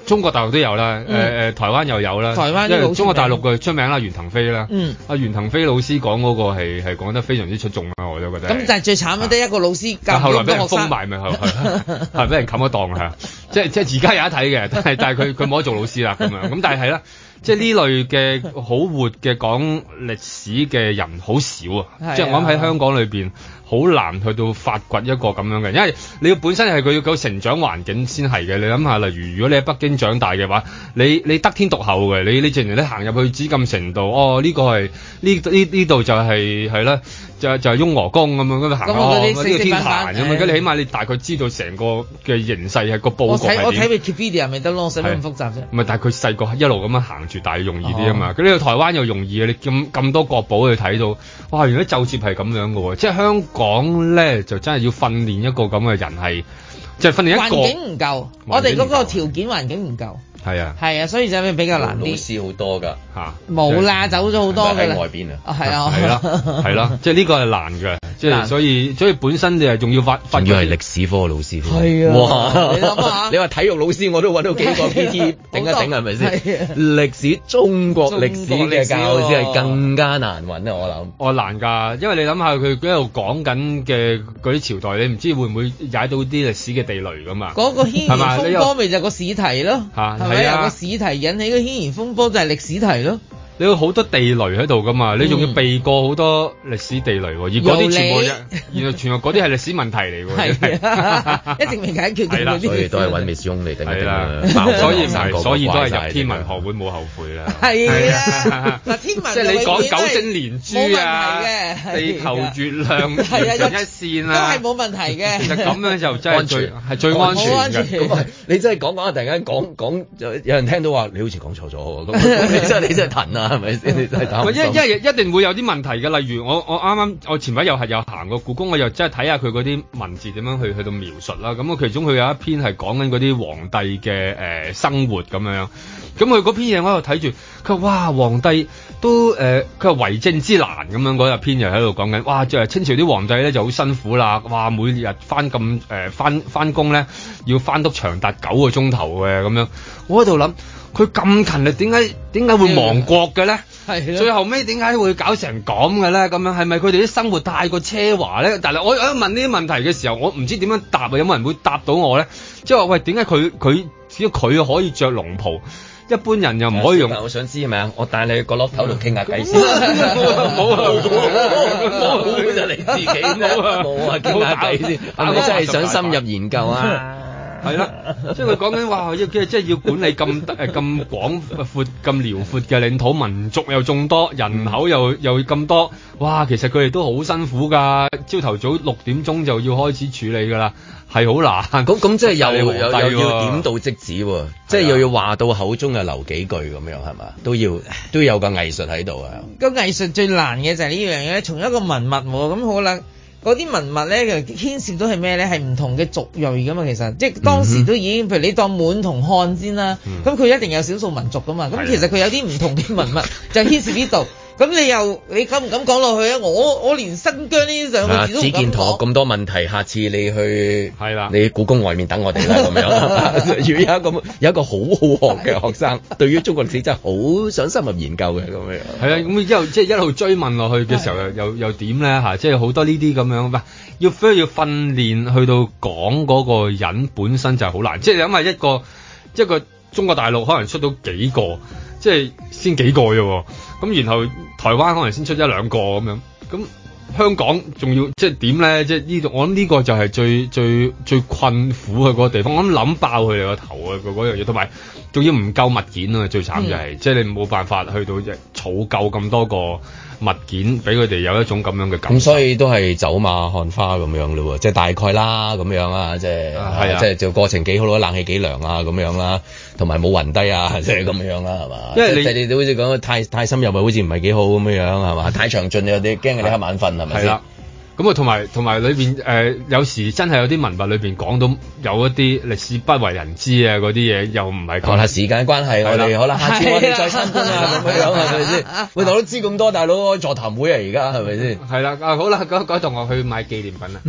中國大陸都有啦，誒誒台灣又有啦，因為中國大陸嘅出名啦，袁騰飛啦。阿袁騰飛老師講嗰個係係講得非常之出眾啊，我都覺得。咁就係最慘都得一個老師教完個學生。後來俾人封埋咪係係，係俾人冚一檔係，即係即係而家有得睇嘅，但係但係佢佢冇得做老師啦咁樣，咁但係係啦。即係呢類嘅好活嘅講歷史嘅人好少啊！即係我諗喺香港裏邊好難去到發掘一個咁樣嘅，因為你要本身係佢要有成長環境先係嘅。你諗下，例如如果你喺北京長大嘅話，你你得天獨厚嘅，你你淨係你行入去紫禁城度，哦呢個係呢呢呢度就係係啦。就係就係雍和宮咁樣嗰度行下，呢個點行咁？你、哎、呀起碼你大概知道成個嘅形勢係個佈局。我睇我睇佢 Wikipedia 咪得咯，使乜咁複雜啫？唔係，但係佢細個一路咁樣行住，但係容易啲啊嘛。咁呢去台灣又容易啊？你咁咁多國寶你睇到，哇！原來就接係咁樣嘅喎，即、就、係、是、香港咧就真係要訓練一個咁嘅人係，就係、是、訓練一個環境唔夠，夠我哋嗰個條件環境唔夠。係啊，係啊，所以就比較難啲。老師好多㗎嚇，冇啦，走咗好多啦。喺外邊啊，係啊，係咯，係咯，即係呢個係難嘅，即係所以所以本身就係仲要發，仲要係歷史科老師。係啊，你話體育老師我都揾到幾個 PT 頂一頂係咪先？歷史，中國歷史嘅教師係更加難揾啊！我諗，我難㗎，因為你諗下佢喺度講緊嘅嗰啲朝代，你唔知會唔會踩到啲歷史嘅地雷㗎嘛？嗰個歷史方面就個史題咯嚇。係啊，哎那個試題引起個軒然風波，就係、是、歷史題咯。你有好多地雷喺度噶嘛？你仲要避過好多歷史地雷喎，而嗰啲全部又，然後全部嗰啲係歷史問題嚟喎，一直未解決。係啦，所以都係揾歷史通嚟定係點，所以所以都係入天文學會冇後悔啦。係啊，嗱天文學會，即係你講九星連珠啊，地球月亮日一線啊，都係冇問題嘅。其實咁樣就真係最係最安全嘅。咁你真係講講下突然間講講，有人聽到話你好似講錯咗喎，咁你真係你真係騰啊！係咪先？你一一一定會有啲問題嘅。例如我我啱啱我前排又係有行過故宮，我又真係睇下佢嗰啲文字點樣去去到描述啦。咁啊，其中佢有一篇係講緊嗰啲皇帝嘅誒、呃、生活咁樣。咁佢嗰篇嘢我喺度睇住，佢話哇皇帝都誒，佢話為政之難咁樣嗰一篇又喺度講緊哇，就係清朝啲皇帝咧就好辛苦啦。哇，每日翻咁誒、呃、翻翻工咧，要翻到長達九個鐘頭嘅咁樣。我喺度諗。佢咁勤力，點解點解會亡國嘅咧？係最後屘點解會搞成咁嘅咧？咁樣係咪佢哋啲生活太過奢華咧？但係我我問呢啲問題嘅時候，我唔知點樣答啊！有冇人會答到我咧？即係話喂，點解佢佢只要佢可以着龍袍，一般人又唔可以用？我想知係咪啊！我帶你去個角落頭度傾下偈先。冇啊冇就你自己冇啊冇傾下偈先。我真係想深入研究啊！係啦，即係佢講緊話，要即係要，要管理咁誒咁廣闊、咁遼闊嘅領土，民族又眾多，人口又又咁多，哇！其實佢哋都好辛苦噶，朝頭早六點鐘就要開始處理噶啦，係好難。咁咁即係又又要點到即止喎，的即係又要話到口中又留幾句咁樣係嘛？都要都要有個藝術喺度啊。個藝術最難嘅就係呢樣嘢，從一個文物咁好啦。嗰啲文物咧，其實牽涉到係咩咧？係唔同嘅族裔噶嘛，其實即係當時都已經，嗯、哼譬如你當滿同漢先啦，咁佢、嗯、一定有少數民族噶嘛，咁、嗯、其實佢有啲唔同嘅文物 就牽涉呢度。 咁你又你敢唔敢講落去啊？我我連新疆呢啲咁嘅事都唔敢講。啊！子健陀咁多問題，下次你去係啦，的你故宮外面等我哋啦咁樣。如 有一個有一個好好學嘅學生，的對於中國歷史真係好想深入研究嘅咁樣。係啊的，咁之後即係一路追問落去嘅時候，的又又又點咧嚇？即係好多呢啲咁樣，唔係要要訓練去到講嗰個人本身就好難。即係諗下一個一個,一個中國大陸可能出到幾個，即係先幾個啫喎。咁然後台灣可能先出一兩個咁樣，嗯香港仲要即係點咧？即係呢度，我諗呢個就係最最最困苦嘅個地方，我諗諗爆佢哋個頭啊！個嗰樣嘢，同埋仲要唔夠物件啊！最慘就係、是嗯、即係你冇辦法去到即儲夠咁多個物件，俾佢哋有一種咁樣嘅感。咁、嗯、所以都係走馬看花咁樣咯喎，即係大概啦咁樣即是啊，啊，即係是、啊啊、即係就過程幾好咯，冷氣幾涼啊咁樣啦，同埋冇暈低啊，樣有有即係咁樣啦係嘛？因為、嗯、你、就是就是、你，你好似講太太深入咪好似唔係幾好咁樣樣係嘛？太詳盡你驚你瞌眼瞓。係啦。咁啊，同埋同埋裏邊誒，有時真係有啲文物裏邊講到有一啲歷史不為人知啊嗰啲嘢，又唔係。好啦，時間關係我哋好啦，下次我哋再深入啊咁樣，係咪先？我哋都知咁多大佬座談會啊，而家係咪先？係啦，啊好啦，嗰嗰啲同學去買紀念品啦，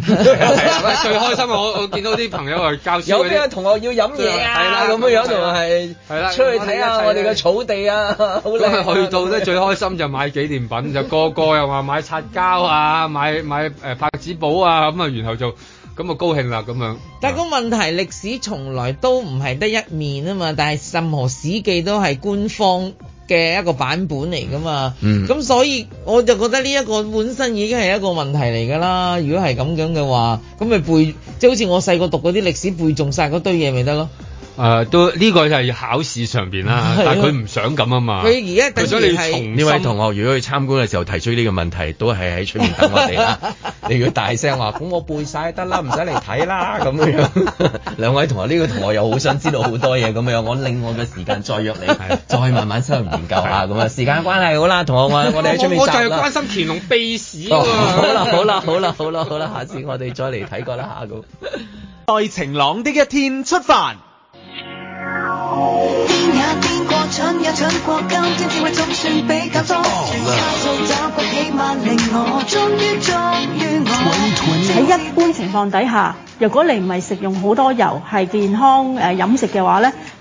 最開心我我見到啲朋友去交有啲同學要飲嘢啊？係啦，咁樣樣同係係啦，出去睇下我哋嘅草地啊。咁啊，去到咧最開心就買紀念品，就個個又話買擦膠啊，買買。誒拍子寶啊，咁啊，然後就咁啊，高興啦咁樣。但個問題，歷史、啊、從來都唔係得一面啊嘛。但係任何史記都係官方嘅一個版本嚟㗎嘛。嗯。咁所以我就覺得呢一個本身已經係一個問題嚟㗎啦。如果係咁樣嘅話，咁咪背，即係好似我細個讀嗰啲歷史背中晒嗰堆嘢，咪得咯。誒都呢個就係考試上邊啦，但係佢唔想咁啊嘛。佢而家特別呢位同學，如果去參觀嘅時候提出呢個問題，都係喺出面等我哋啦。你如果大聲話，咁我背晒得啦，唔使嚟睇啦咁樣。兩位同學，呢個同學又好想知道好多嘢咁樣，我另外嘅時間再約你，再慢慢深入研究下咁啊。時間關係好啦，同學我我哋喺出面走啦。我我係關心乾隆秘史。好啦好啦好啦好啦好啦，下次我哋再嚟睇過啦。下咁。在晴朗的一天出發。喺一般情況底下，如果你唔係食用好多油，係健康誒飲食嘅話咧。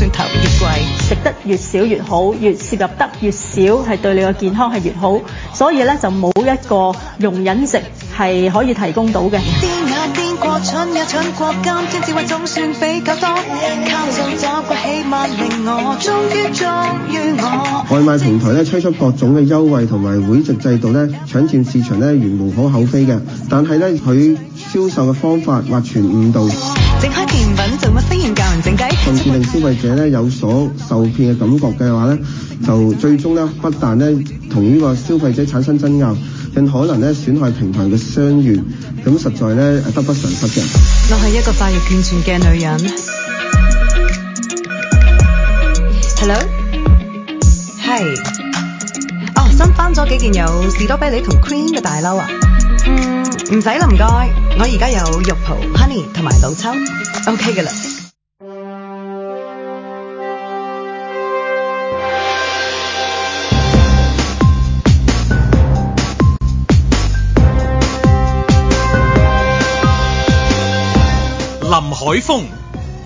越貴，食得越少越好，越攝入得越少係對你嘅健康係越好，所以咧就冇一個容忍值係可以提供到嘅。外賣平台咧推出各種嘅優惠同埋會籍制度咧，搶佔市場咧，如無可厚非嘅，但係咧佢。銷售嘅方法或全誤導，整開甜品做乜先然教人整雞，同時令消費者咧有所受騙嘅感覺嘅話咧，就最終咧不但咧同呢個消費者產生爭拗，更可能咧損害平台嘅商譽，咁實在咧得不償失嘅。我係一個發育健全嘅女人。Hello。Hi。哦，新翻咗幾件有士多啤梨同 cream 嘅大褸啊。唔使啦，唔該。我而家有肉蒲、honey 同埋老抽，OK 嘅啦。林海峰。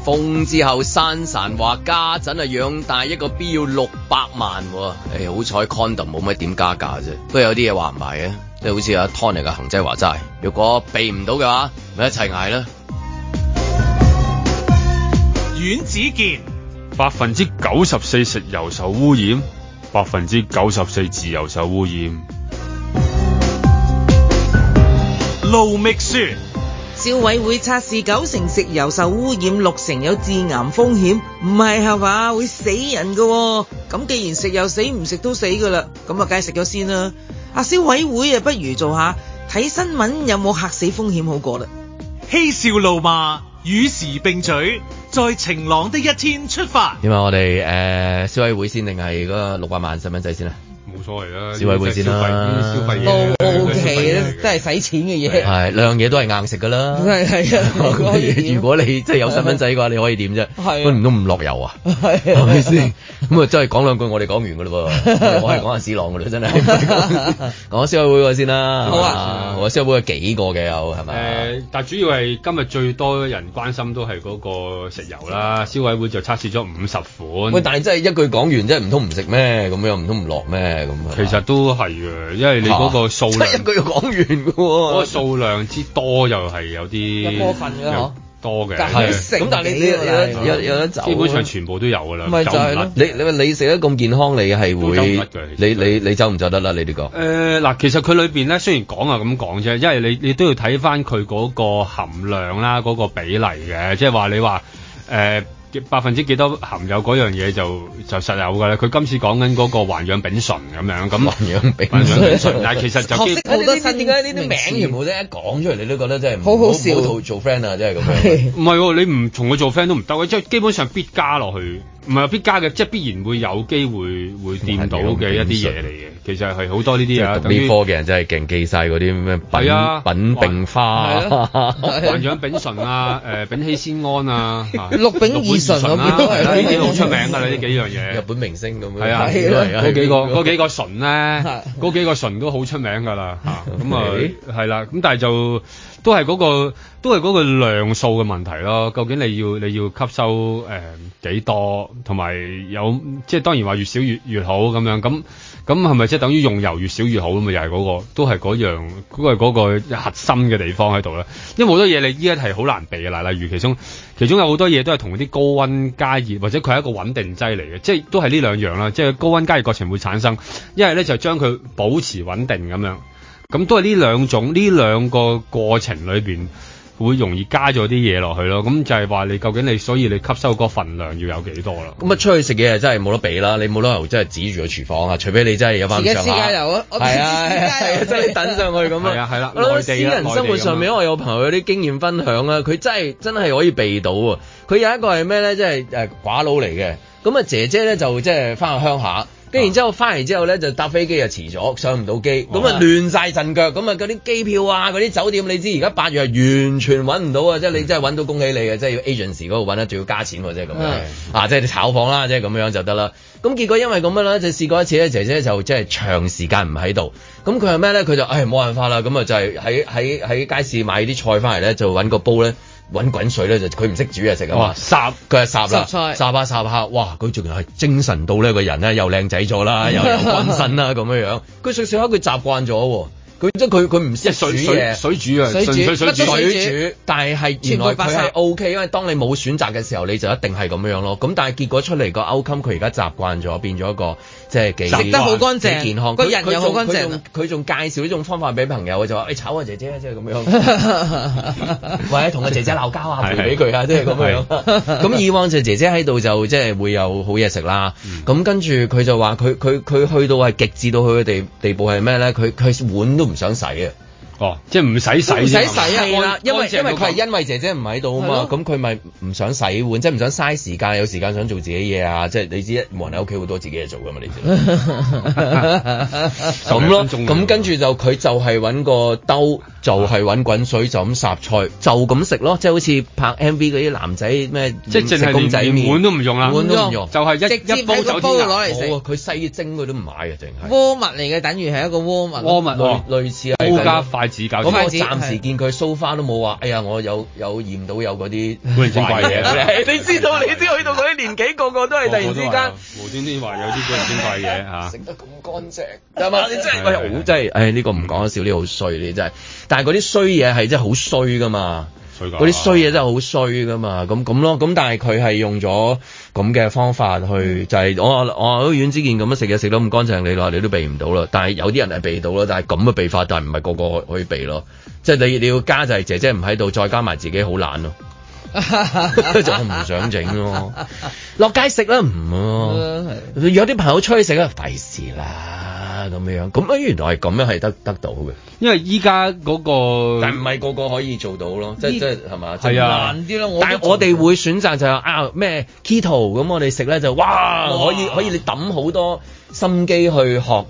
風之後，山神話家陣啊，養大係一個、B、要六百萬喎。誒、哎，好彩 condom 冇乜點加價啫，不過都有啲嘢話唔埋嘅，即係好似阿 Tony 嘅行姐話齋，如果避唔到嘅話，咪一齊捱啦。阮子健，百分之九十四食油受污染，百分之九十四自由受污染。盧覓雪。消委會測試九成食油受污染，六成有致癌風險，唔係係嘛，會死人噶、哦。咁既然食又死，唔食都死噶啦，咁啊梗係食咗先啦。阿消委會啊，不如做下睇新聞有冇吓死風險好過啦。嬉笑怒罵與時並取，在晴朗的一天出發。點啊？我哋誒、呃，消委會先定係嗰個六百萬細蚊仔先啊？錯嚟啦！消委會先啦，都都 OK，都係使錢嘅嘢。係兩樣嘢都係硬食㗎啦。係係如果你即係有細蚊仔嘅話，你可以點啫？係唔通唔落油啊？係係咪先？咁啊，真係講兩句，我哋講完㗎嘞噃。我係講下市朗㗎嘞，真係。講消委會個先啦。好啊，我消委會有幾個嘅有係咪？誒，但係主要係今日最多人關心都係嗰個食油啦。消委會就測試咗五十款。喂，但係真係一句講完，真係唔通唔食咩？咁樣唔通唔落咩？其實都係嘅，因為你嗰個數量，即係一句又講完㗎喎。嗰個數量之多又係有啲過分嘅嗬，多嘅。咁但係你你有有，有得走？基本上全部都有㗎啦。咪就係咯，你你你你食得咁健康，你係會你你你走唔走得啦？你呢個。誒嗱，其實佢裏邊咧，雖然講啊咁講啫，因為你你都要睇翻佢嗰個含量啦，嗰、嗰個比例嘅，即係話你話誒。呃 百分之幾多含有嗰樣嘢就就實有㗎喇？佢今次講緊嗰個環氧丙醇咁樣咁，環氧丙醇， 但係其實就基我哋啲實點解呢啲名全部都一講出嚟你都覺得真係好好笑好好做，做 friend 啊，真係咁樣。唔係喎，你唔同佢做 friend 都唔得，即係基本上必加落去。唔係必加嘅，即係必然會有機會會掂到嘅一啲嘢嚟嘅。其實係好多呢啲啊，讀呢科嘅人真係勁記晒嗰啲咩啊，品並花，啊，環氧丙醇啊、誒丙烯酰胺啊、氯丙二醇啦，呢幾好出名㗎啦，呢幾樣嘢。日本明星咁樣係啊，嗰幾個嗰幾個醇咧，嗰幾個醇都好出名㗎啦。咁啊，係啦，咁但係就。都係嗰個，都係嗰個量數嘅問題咯。究竟你要你要吸收呃、幾多，同埋有即係當然話越少越越好咁樣。咁咁係咪即係等於用油越少越好啊？嘛，又係嗰個，都係嗰樣，都係嗰個核心嘅地方喺度啦。因為好多嘢你依家係好難避嘅。嗱，例如其中其中有好多嘢都係同啲高溫加熱或者佢係一個穩定劑嚟嘅，即係都係呢兩樣啦。即係高溫加熱過程會產生，一係咧就將佢保持穩定咁樣。咁都係呢兩種呢兩個過程裏邊會容易加咗啲嘢落去咯。咁就係、是、話你究竟你所以你吸收嗰份量要有幾多啦？咁啊出去食嘢真係冇得避啦。你冇得由真係指住個廚房啊，除非你真係有翻上嚇時間遊咯。係啊，真係等上去咁啊。係啊，係啦、啊。我覺得私人生活上面、啊、我有朋友有啲經驗分享啦，佢真係真係可以避到喎。佢有一個係咩咧？即係誒寡佬嚟嘅。咁、那、啊、個、姐姐咧就即係翻去鄉下。跟然之後翻嚟之後咧，就搭飛機就遲咗，上唔到機，咁啊亂晒陣腳，咁啊嗰啲機票啊，嗰啲酒店，你知而家八月係完全揾唔到、嗯、到啊！即係你真係揾到，恭喜你啊，即係要 agency 嗰度揾咧，仲要加錢喎，即係咁樣啊！即係你炒房啦，即係咁樣就得啦。咁結果因為咁樣咧，就試過一次咧，姐姐就即係長時間唔喺度。咁佢係咩咧？佢就唉冇、哎、辦法啦。咁啊就係喺喺喺街市買啲菜翻嚟咧，就揾個煲咧。搵滾水咧，哇就佢唔識煮嘢食啊！哇，霎佢係霎啦，霎下霎下，哇！佢仲要係精神到呢個人咧，又靚仔咗啦，又有精神啦咁樣樣。佢細細口佢習慣咗喎，佢即係佢佢唔識水煮啊！水煮水煮，水煮，水煮，但係原來佢係 OK，因為當你冇選擇嘅時候，你就一定係咁樣樣咯。咁但係結果出嚟個歐襟，佢而家習慣咗，變咗一個。即係幾食得好乾淨，健康，個人又好乾淨。佢仲介紹呢種方法俾朋友，就話：你、哎、炒下姐姐，即係咁樣。 或者同個姐姐鬧交啊，陪俾佢啊，即係咁樣。咁 以往就姐姐喺度就即係、就是、會有好嘢食啦。咁、嗯、跟住佢就話：佢佢佢去到係極致到佢嘅地地步係咩咧？佢佢碗都唔想洗嘅。」哦，即係唔使洗，唔使洗啊！係啦，因為因為佢係因為姐姐唔喺度啊嘛，咁佢咪唔想洗碗，即係唔想嘥時間，有時間想做自己嘢啊！即係你知，冇人喺屋企好多自己嘢做㗎嘛，你知。咁咯，咁跟住就佢就係揾個兜，就係揾滾水，就咁烚菜，就咁食咯，即係好似拍 MV 嗰啲男仔咩，即係淨係連公仔麵碗都唔用啊，碗都唔用，就係一一煲就一煲攞嚟食。佢西蒸佢都唔買嘅，淨係窩物嚟嘅，等於係一個窩物。窩物類類似係咁 我暫時見佢梳花都冇話，哎呀！我有有驗到有嗰啲貴嘢，你知道？你知道嗰度嗰啲年紀個個都係突然之間無端端話有啲貴精怪嘢嚇，食得咁乾淨係嘛？你真係我真係，哎呢個唔講得少啲好衰，你真係。但係嗰啲衰嘢係真係好衰噶嘛？嗰啲衰嘢真係好衰㗎嘛，咁咁咯，咁但係佢係用咗咁嘅方法去，就係、是、我我遠之見咁樣食嘢食到咁乾淨，你落你都避唔到啦。但係有啲人係避到啦，但係咁嘅避法，但係唔係個個可以避咯。即係你你要加就係姐姐唔喺度，再加埋自己好懶咯，就唔 想整咯、啊。落街食啦，唔、嗯啊、 有啲朋友出去食啊，費事啦。啊咁樣，咁啊、嗯、原來係咁樣係得得到嘅，因為依家嗰個，但唔係個個可以做到咯，這即係這吧即係係嘛，難啲咯。但係我哋會選擇就係、是、啊咩 Keto，咁我哋食咧就哇可以哇可以，你揼好多心機去學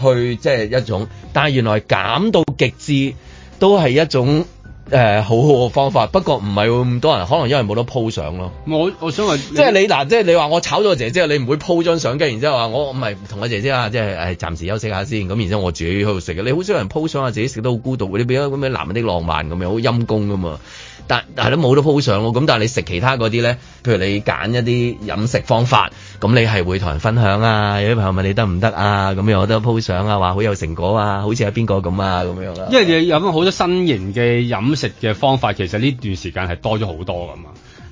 去即係、就是、一種，但係原來減到極致都係一種。誒、呃、好好嘅方法，不過唔係會咁多人，可能因為冇得 po 相咯。我我想問即，即係你嗱，即係你話我炒咗個姐姐，你唔會 po 張相機，然之後話我唔係同個姐姐啊，即係誒暫時休息下先，咁然之後我自己喺度食嘅。你好少人 po 相啊，自己食得好孤獨，你畀咗咁樣男人的浪漫咁樣，好陰功㗎嘛。但係都冇得 p 相上咯，咁但係你食其他嗰啲咧，譬如你揀一啲飲食方法，咁你係會同人分享啊，有啲朋友問你得唔得啊，咁又得 po 上啊，話好有成果啊，好似阿邊個咁啊，咁樣啦。因為有咁好多新型嘅飲食嘅方法，其實呢段時間係多咗好多噶啊，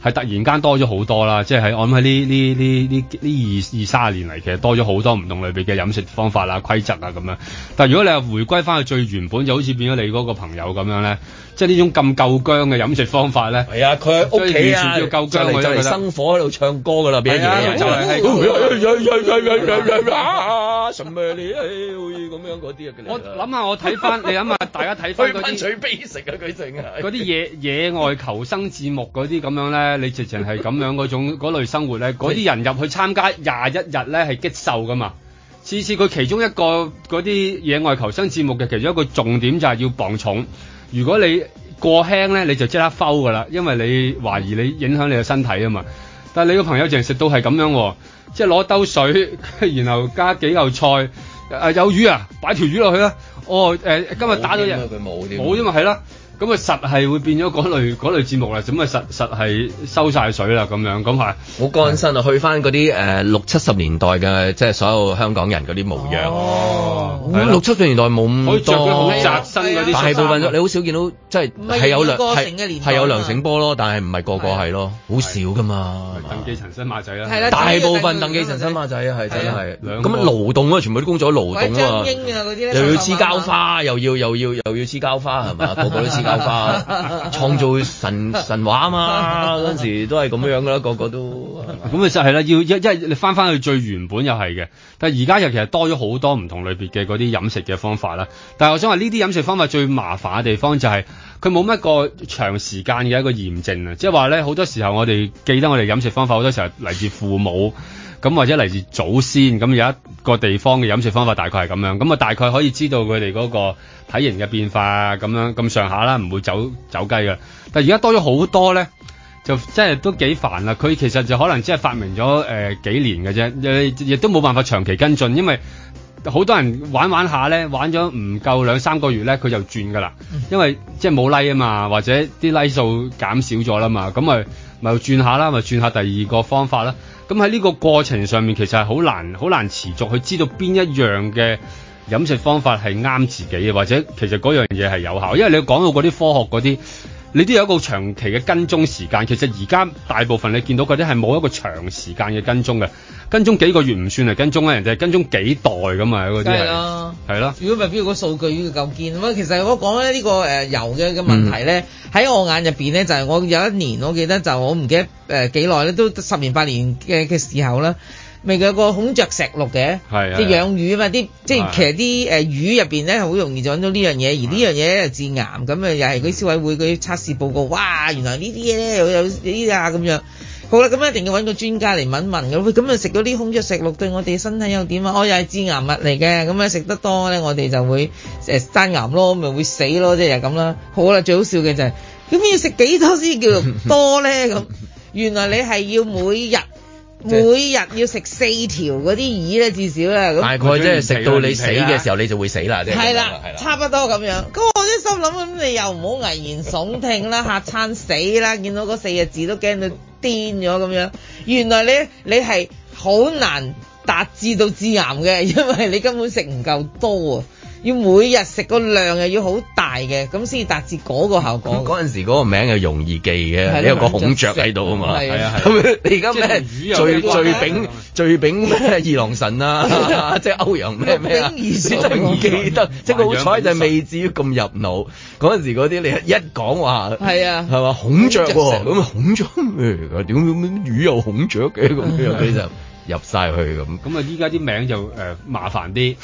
係突然間多咗好多啦，即、就、係、是、我諗喺呢呢呢呢呢二二三廿年嚟，其實多咗好多唔同類別嘅飲食方法啦、規則啊咁樣。但係如果你話回歸翻去最原本，就好似變咗你嗰個朋友咁樣咧。即係呢種咁夠薑嘅飲食方法咧，係啊，佢喺屋企啊，用夠薑嚟生火喺度唱歌㗎啦，變咁樣啲我諗下，我睇翻你諗下，大家睇翻嗰啲野野外求生節目啲咁樣咧，你直情係咁樣嗰種嗰類生活咧，嗰啲人入去參加廿一日咧係激瘦㗎嘛。次次佢其中一個嗰啲野外求生節目嘅其中一個重點就係要磅重。如果你過輕咧，你就即刻 foul 㗎啦，因為你懷疑你影響你嘅身體啊嘛。但係你個朋友淨係食到係咁樣，哦，即係攞兜水，然後加幾嚿菜，誒、呃、有魚啊，擺條魚落去啦。哦，誒、呃、今日打咗隻，冇冇啫嘛，係啦。咁啊實係會變咗嗰類嗰類節目啦，咁啊實實係收晒水啦咁樣，咁係好乾身啊，去翻嗰啲誒六七十年代嘅，即係所有香港人嗰啲模樣。哦，六七十年代冇好咁多，啲係部分你好少見到，即係係有梁係有梁醒波咯，但係唔係個個係咯，好少噶嘛。鄧寄塵新馬仔啊，大部分鄧寄塵新馬仔啊，係真係。咁啊勞動啊，全部啲工作喺勞動啊啲又要黐膠花，又要又要又要黐膠花係咪啊？個個都黐。化 創造神神話啊嘛！嗰陣時都係咁樣嘅啦，個個都咁 啊，就係啦，要一一你翻翻去最原本又係嘅，但係而家又其實多咗好多唔同類別嘅嗰啲飲食嘅方法啦。但係我想話呢啲飲食方法最麻煩嘅地方就係佢冇乜個長時間嘅一個驗證啊，即係話咧好多時候我哋記得我哋飲食方法好多時候嚟自父母。咁或者嚟自祖先咁有一個地方嘅飲食方法大概係咁樣，咁啊大概可以知道佢哋嗰個體型嘅變化咁樣咁上下啦，唔會走走雞嘅。但而家多咗好多咧，就即係都幾煩啦。佢其實就可能即係發明咗誒、呃、幾年嘅啫，亦都冇辦法長期跟進，因為好多人玩玩下咧，玩咗唔夠兩三個月咧，佢就轉噶啦，因為即係冇 like 啊嘛，或者啲 like 數減少咗啦嘛，咁咪咪轉下啦，咪轉下第二個方法啦。咁喺呢個過程上面，其實係好難、好難持續去知道邊一樣嘅飲食方法係啱自己嘅，或者其實嗰樣嘢係有效，因為你講到嗰啲科學嗰啲。你都有一個長期嘅跟蹤時間，其實而家大部分你見到嗰啲係冇一個長時間嘅跟蹤嘅，跟蹤幾個月唔算係跟蹤啊，人哋係跟蹤幾代咁啊，嗰啲係，係咯。的如果咪邊個數據夠堅？咁啊，其實我講咧呢個誒、呃、油嘅嘅問題咧，喺、嗯、我眼入邊咧就係、是、我有一年，我記得就我唔記得誒幾耐咧，都十年八年嘅嘅時候啦。咪有個孔雀石綠嘅，啲的養魚啊嘛，啲的即係其實啲誒、呃、魚入邊咧，好容易揾到呢樣嘢，而呢樣嘢係致癌，咁啊又係嗰啲消委會佢測試報告，哇，原來呢啲嘢咧又有呢啲啊咁樣。好啦，咁一定要揾個專家嚟問問嘅，喂，咁啊食到啲孔雀石綠對我哋身體、哦、又點啊？我又係致癌物嚟嘅，咁啊食得多咧，我哋就會誒生、呃、癌咯，咪會死咯，即係咁啦。好啦，最好笑嘅就係，咁要食幾多先叫多咧？咁原來你係要每日。即每日要食四條嗰啲魚咧，至少啊，大概即係食到你死嘅時候，你就會死啦。係啦，係啦，差不多咁樣。咁 我啲心諗咁，你又唔好危言聳聽啦，嚇餐死啦！見到嗰四隻字都驚到癲咗咁樣。原來你你係好難達至到致癌嘅，因為你根本食唔夠多啊！要每日食個量又要好大嘅，咁先至達至嗰個效果。嗰陣時嗰個名又容易記嘅，你有個孔雀喺度啊嘛。係啊。咁你而家咩？最最炳、最炳咩？二郎神啊，即係歐陽咩咩？意思都易記得，即係好彩就未至於咁入腦。嗰陣時嗰啲你一講話係啊，係話孔雀喎，咁孔雀咩嚟㗎？點點魚又孔雀嘅咁樣其實。入晒去咁，咁啊依家啲名就誒麻煩啲，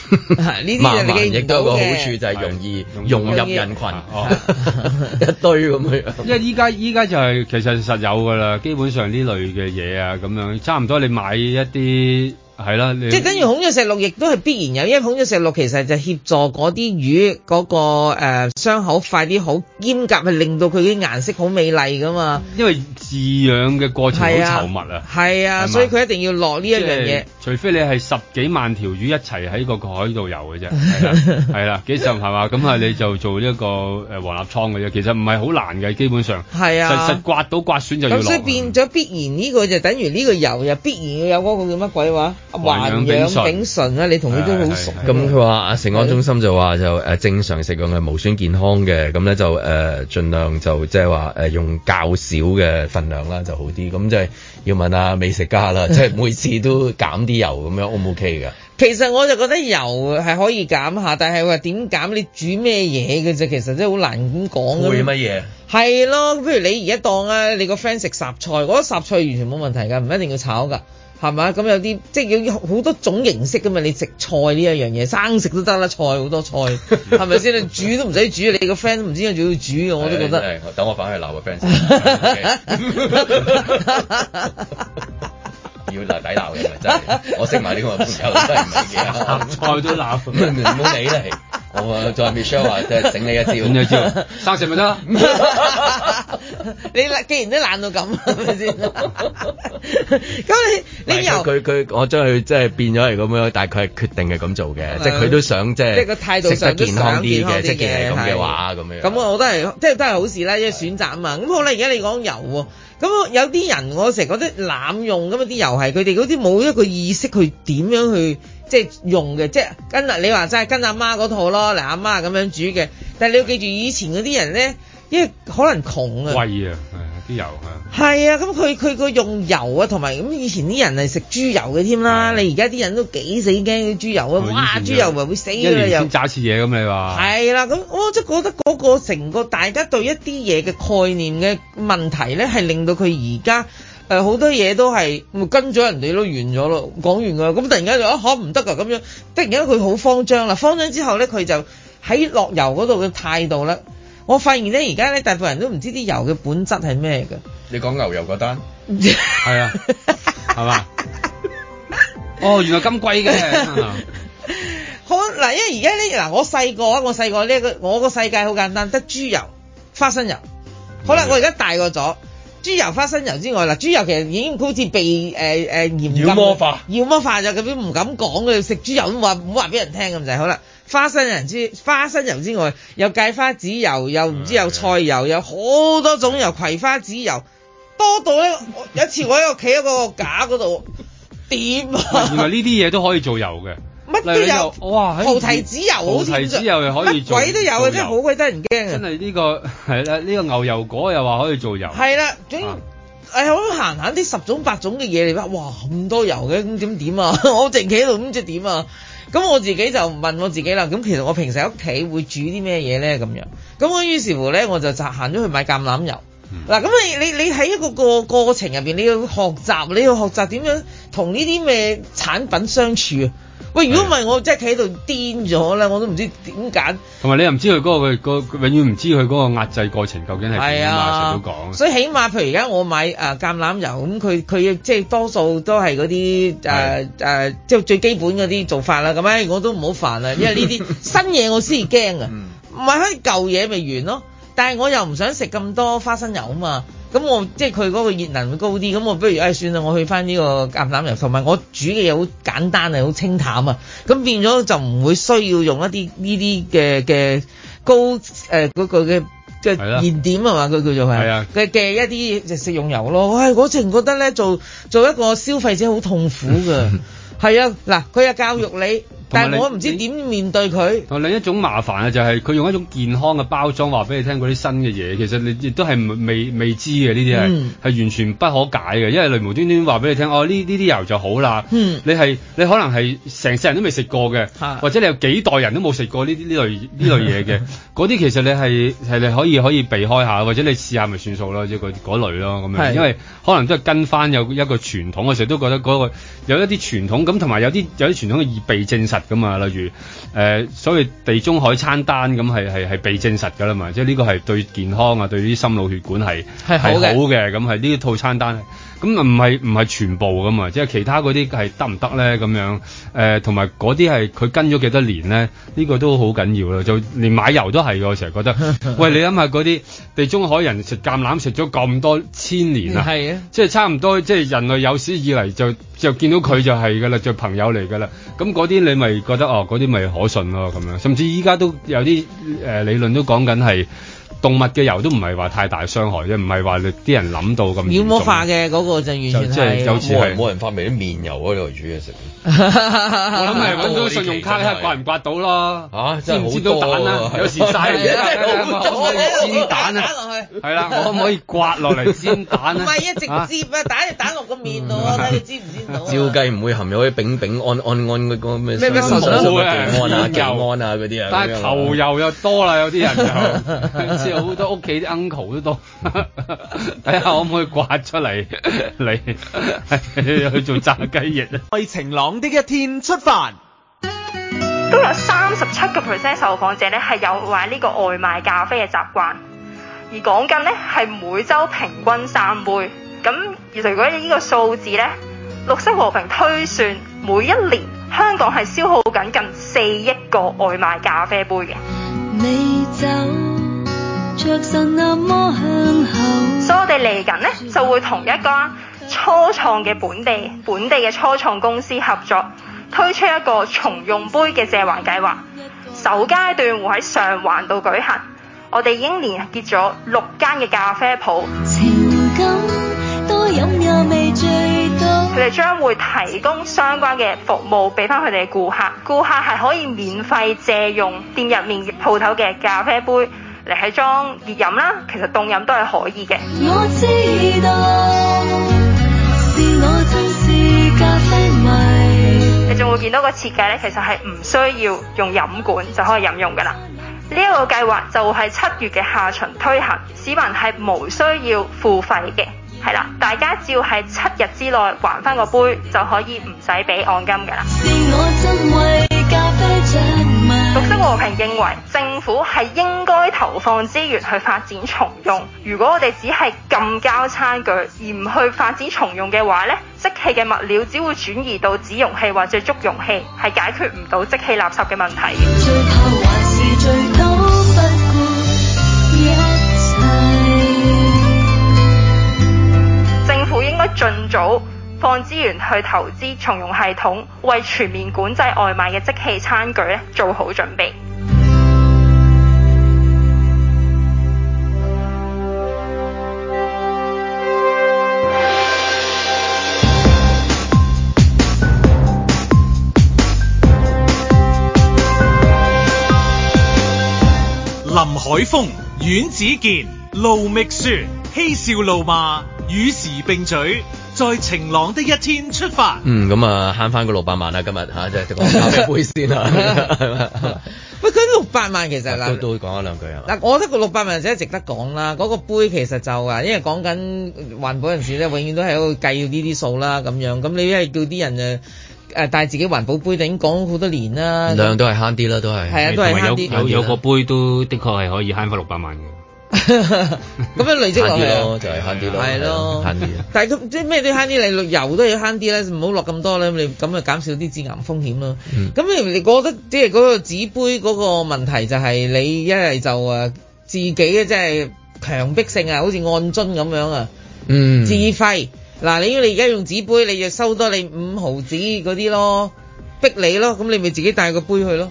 麻煩亦都 有個好處就係容易融入人羣， 一堆咁這樣。因為依家依家就係、是、其實實有㗎啦，基本上呢類嘅嘢啊咁樣，差唔多你買一啲。係啦，啊、即係等於孔雀石綠，亦都係必然有，因為孔雀石綠其實就協助嗰啲魚嗰、嗰個誒、呃、傷口快啲好兼夾，係令到佢啲顏色好美麗噶嘛。因為飼養嘅過程好稠密啊，係啊，啊吧所以佢一定要落呢一樣嘢。除非你係十幾萬條魚一齊喺個海度游嘅啫，係啦、 啊，係啦、啊，幾時係嘛？咁啊，你就做呢一個誒、呃、黃立倉嘅啫。其實唔係好難嘅，基本上，係啊，實實刮到刮損就要落。嗯、所以變咗必然呢、這個就等於呢個油又必然要有嗰個叫乜鬼話？ 環氧丙醇啊！醉嗯、你同佢都好熟。咁佢話：啊，食安中心就話就誒正常食用係無損健康嘅，咁咧就誒、呃、盡量就即係話誒用較少嘅份量啦就好啲。咁即係要問下、啊、美食家啦，即、就、係、係、每次都減啲油咁 樣 O 唔 OK 㗎？可可其實我就覺得油係可以減下，但係話點減？你煮咩嘢嘅啫？其實真係好難咁講。會乜嘢？係咯，譬如你而家當啊，你個 friend 食什菜，我覺得什菜完全冇問題㗎，唔一定要炒㗎。係咪？咁有啲即係有好多種形式噶嘛？你食菜呢一樣嘢，生食都得啦，菜好多菜，係咪先？你 煮都唔使煮，你個 friend 唔知點解仲要煮，我都覺得。等我翻去鬧個 friend 先。Okay、 要嚟抵鬧嘅，真係我識埋啲咁嘅朋友係唔係幾好？菜都鬧，唔唔好理你好啊！再 Michelle 話即係整你一招，換一招，生食咪得？ 你既然都懶到咁，係咪先？咁你你油佢佢 我將佢即係變咗係咁樣，但係佢係決定係咁做嘅，即係佢都想即係個態度健康啲嘅，即係咁嘅話咁樣。咁、嗯、我都係即係都係好事啦，因為選擇啊嘛。咁好咧，而家你講油喎，咁有啲人我成日覺得濫用咁啊啲油係佢哋嗰啲冇一個意識佢點樣去。即係用嘅，即係跟你話齋跟阿媽嗰套咯，嗱阿媽咁樣煮嘅。但係你要記住，以前嗰啲人咧，因為可能窮啊，貴啊，啲油係啊，係啊。咁佢佢個用油啊，同埋咁以前啲人係食豬油嘅添啦。你而家啲人都幾死驚啲豬油啊，嘩豬油咪會死。一年先炸一次嘢咁你話？係啦，咁我真係覺得嗰個成個大家對一啲嘢嘅概念嘅問題咧，係令到佢而家。呃、好多嘢都係，跟咗人哋都完咗咯，講完啦。咁突然間就，啊可唔得㗎咁樣，突然間佢好慌張啦，慌張之後咧，佢就喺落油嗰度嘅態度啦。我發現咧，而家咧大部分人都唔知啲油嘅本質係咩嘅。你講牛油嗰單，係 啊，係嘛？ 哦，原來咁貴嘅， 好嗱，因為而家咧嗱，我細個啊，我細個呢，個我個世界好簡單，得豬油、花生油。 好啦，我而家大個咗。豬油、花生油之外，嗱，豬油其實已經好似被誒誒、呃呃、妖魔化，妖魔化就咁樣唔敢講嘅，食豬油都話唔好話俾人聽咁，就係好啦。花生油之花生油之外，又芥花籽油，又唔知有菜油，有好多種油，葵花籽油多到咧，有一次我喺屋企喺個架嗰度 點啊！原來呢啲嘢都可以做油嘅。啲油哇，菩提子油，菩提子油又像可以做鬼都有啊，油真係好鬼得人驚。真係呢個係啦，呢、呢個牛油果又話可以做油，係啦。總之誒，啊、我行行啲十種八種嘅嘢嚟啦。哇，咁多油嘅咁點點啊？ 我淨企喺度咁只點啊？咁我自己就問我自己啦。咁其實我平時喺屋企會煮啲咩嘢咧？咁樣咁我於是乎咧，我就就行咗去買橄欖油。嗱、嗯，咁你你你喺一個個過程入邊，你要學習，你要學習點樣同呢啲咩產品相處啊？喂，如果唔係我真係企喺度癲咗啦，的我都唔知點解。同埋你又唔知佢嗰、嗰個、嗰個嗰個、永遠唔知佢嗰個壓製過程究竟係點啊？上到講所以起碼譬如而家我買誒、呃、橄欖油咁，佢佢即係多數都係嗰啲誒誒即係最基本嗰啲做法啦。咁啊，我都唔好煩啦，因為呢啲 新嘢我先至驚啊，唔係啲舊嘢咪完咯。但係我又唔想食咁多花生油啊嘛。咁我即係佢嗰個熱能會高啲，咁我不如誒、哎、算啦，我去翻呢個橄欖油，同埋我煮嘅嘢好簡單啊，好清淡啊，咁變咗就唔會需要用一啲呢啲嘅嘅高誒嗰、呃嗰個嘅嘅燃點啊嘛？佢叫做係嘅嘅一啲食用油咯。唉、哎，我直程覺得咧做做一個消費者好痛苦㗎，係 啊，嗱，佢又教育你。 但係我唔知點面對佢。同另一種麻煩啊、就是，就係佢用一種健康嘅包裝話俾你聽啲新嘅嘢，其實你亦都係未未知嘅呢啲係係完全不可解嘅，因為類無端端話俾你聽哦，呢呢啲油就好啦。嗯、你係你可能係成世人都未食過嘅，啊、或者你有幾代人都冇食過呢啲呢類呢類嘢嘅啲， 其實你係係你可以可以避開下，或者你試下咪算數咯，即係嗰嗰類咯咁樣，的因為可能都係跟翻有一個傳統嘅時候，常常都覺得、嗰個有一啲傳統咁，同埋有啲有啲傳統嘅預備證實。咁啊、嗯，例如誒、呃，所謂地中海餐單咁係係係被證實噶啦嘛，即係呢個係對健康啊，對啲心腦血管係係好嘅，咁係呢啲套餐單。咁啊，唔係唔係全部㗎嘛，即係其他嗰啲係得唔得咧？咁樣誒，同埋嗰啲係佢跟咗幾多年咧？呢個都好緊要啦，就連買油都係我成日覺得。 喂，你諗下嗰啲地中海人食橄欖食咗咁多千年啊，係啊，即係差唔多，即係人類有史以嚟就就見到佢就係㗎啦，就朋友嚟㗎啦。咁嗰啲你咪覺得哦，嗰啲咪可信咯咁樣。甚至依家都有啲誒、呃、理論都講緊係。動物嘅油都唔係話太大嘅傷害啫，唔係話你啲人諗到咁。妖魔化嘅嗰個就完全好似係冇人發明啲面油喺度煮嘢食。我諗係到信用卡睇刮唔刮到咯。嚇，知唔知到蛋啊？有時曬嘢。曬？蛋啊？係啦， 我可唔可以刮落嚟煎蛋咧？唔係，直接啊，打隻蛋落個面度，啊。 你知唔知道。照計唔會含有啲丙丙安安安嗰個咩咩神都唔會啊，油啊嗰啲啊。但係頭油又多啦，有啲人，又。似好 多屋企啲 uncle 都多。睇 下可唔可以刮出嚟嚟 去做炸雞翼啊？在晴朗的一天出發，都有三十七個 percent 受訪者咧係有買呢個外賣咖啡嘅習慣。而講緊咧係每週平均三杯，咁如果以呢個數字咧，綠色和平推算每一年香港係消耗緊近四億個外賣咖啡杯嘅。所以我哋嚟緊咧就會同一間初創嘅本地本地嘅初創公司合作，推出一個重用杯嘅借還計劃，首階段會喺上環度舉行。我哋已經連結咗六間嘅咖啡店，情感多飲又未醉到，佢哋將會提供相關嘅服務俾翻佢哋嘅顧客，顧客係可以免費借用店入面店鋪頭嘅咖啡杯嚟喺裝熱飲啦，其實凍飲都係可以嘅。我知道，是我真是咖啡迷。你仲會見到個設計咧，其實係唔需要用飲管就可以飲用㗎啦。呢一個計劃就係七月嘅下旬推行，市民係無需要付費嘅，係啦，大家只要喺七日之內還翻個杯就可以唔使俾按金㗎啦。綠色和平認為政府係應該投放資源去發展重用，如果我哋只係禁膠餐具而唔去發展重用嘅話呢，即棄嘅物料只會轉移到紙容器或者竹容器，係解決唔到即棄垃圾嘅問題嘅。盡早放資源去投資重用系統，為全面管制外賣嘅即棄餐具咧做好準備。林海峰、阮子健、盧覓雪、嬉笑怒罵。與時並舉，在晴朗的一天出發。嗯，咁啊，慳翻個六百萬啦，今日嚇，即係飲杯先啊，喂，佢六百萬其實嗱，啊，都都會講一兩句啊。嗱，啊，我覺得個六百萬就真係值得講啦。嗰個杯其實就啊，因為講緊環保人士咧，永遠都係喺度計呢啲數啦，咁樣。咁你因為叫啲人誒誒帶自己環保杯，已經講好多年啦。量都係慳啲啦，都係。係啊，都係慳啲，有，有，有個杯都的確係可以慳翻六百萬嘅。咁 樣累積落去， 就係慳啲咯。係咯 慳啲。但係咁即係咩都慳啲，你油都要慳啲咧，唔好落咁多咧。你咁咪減少啲致癌風險咯。咁你、嗯、你覺得即係嗰個紙杯嗰個問題就係你一係就誒自己嘅即係強迫性、嗯、啊，好似按樽咁樣啊。嗯。自費嗱，你要你而家用紙杯，你就收多你五毫紙嗰啲咯，逼你咯，咁你咪自己帶個杯去咯。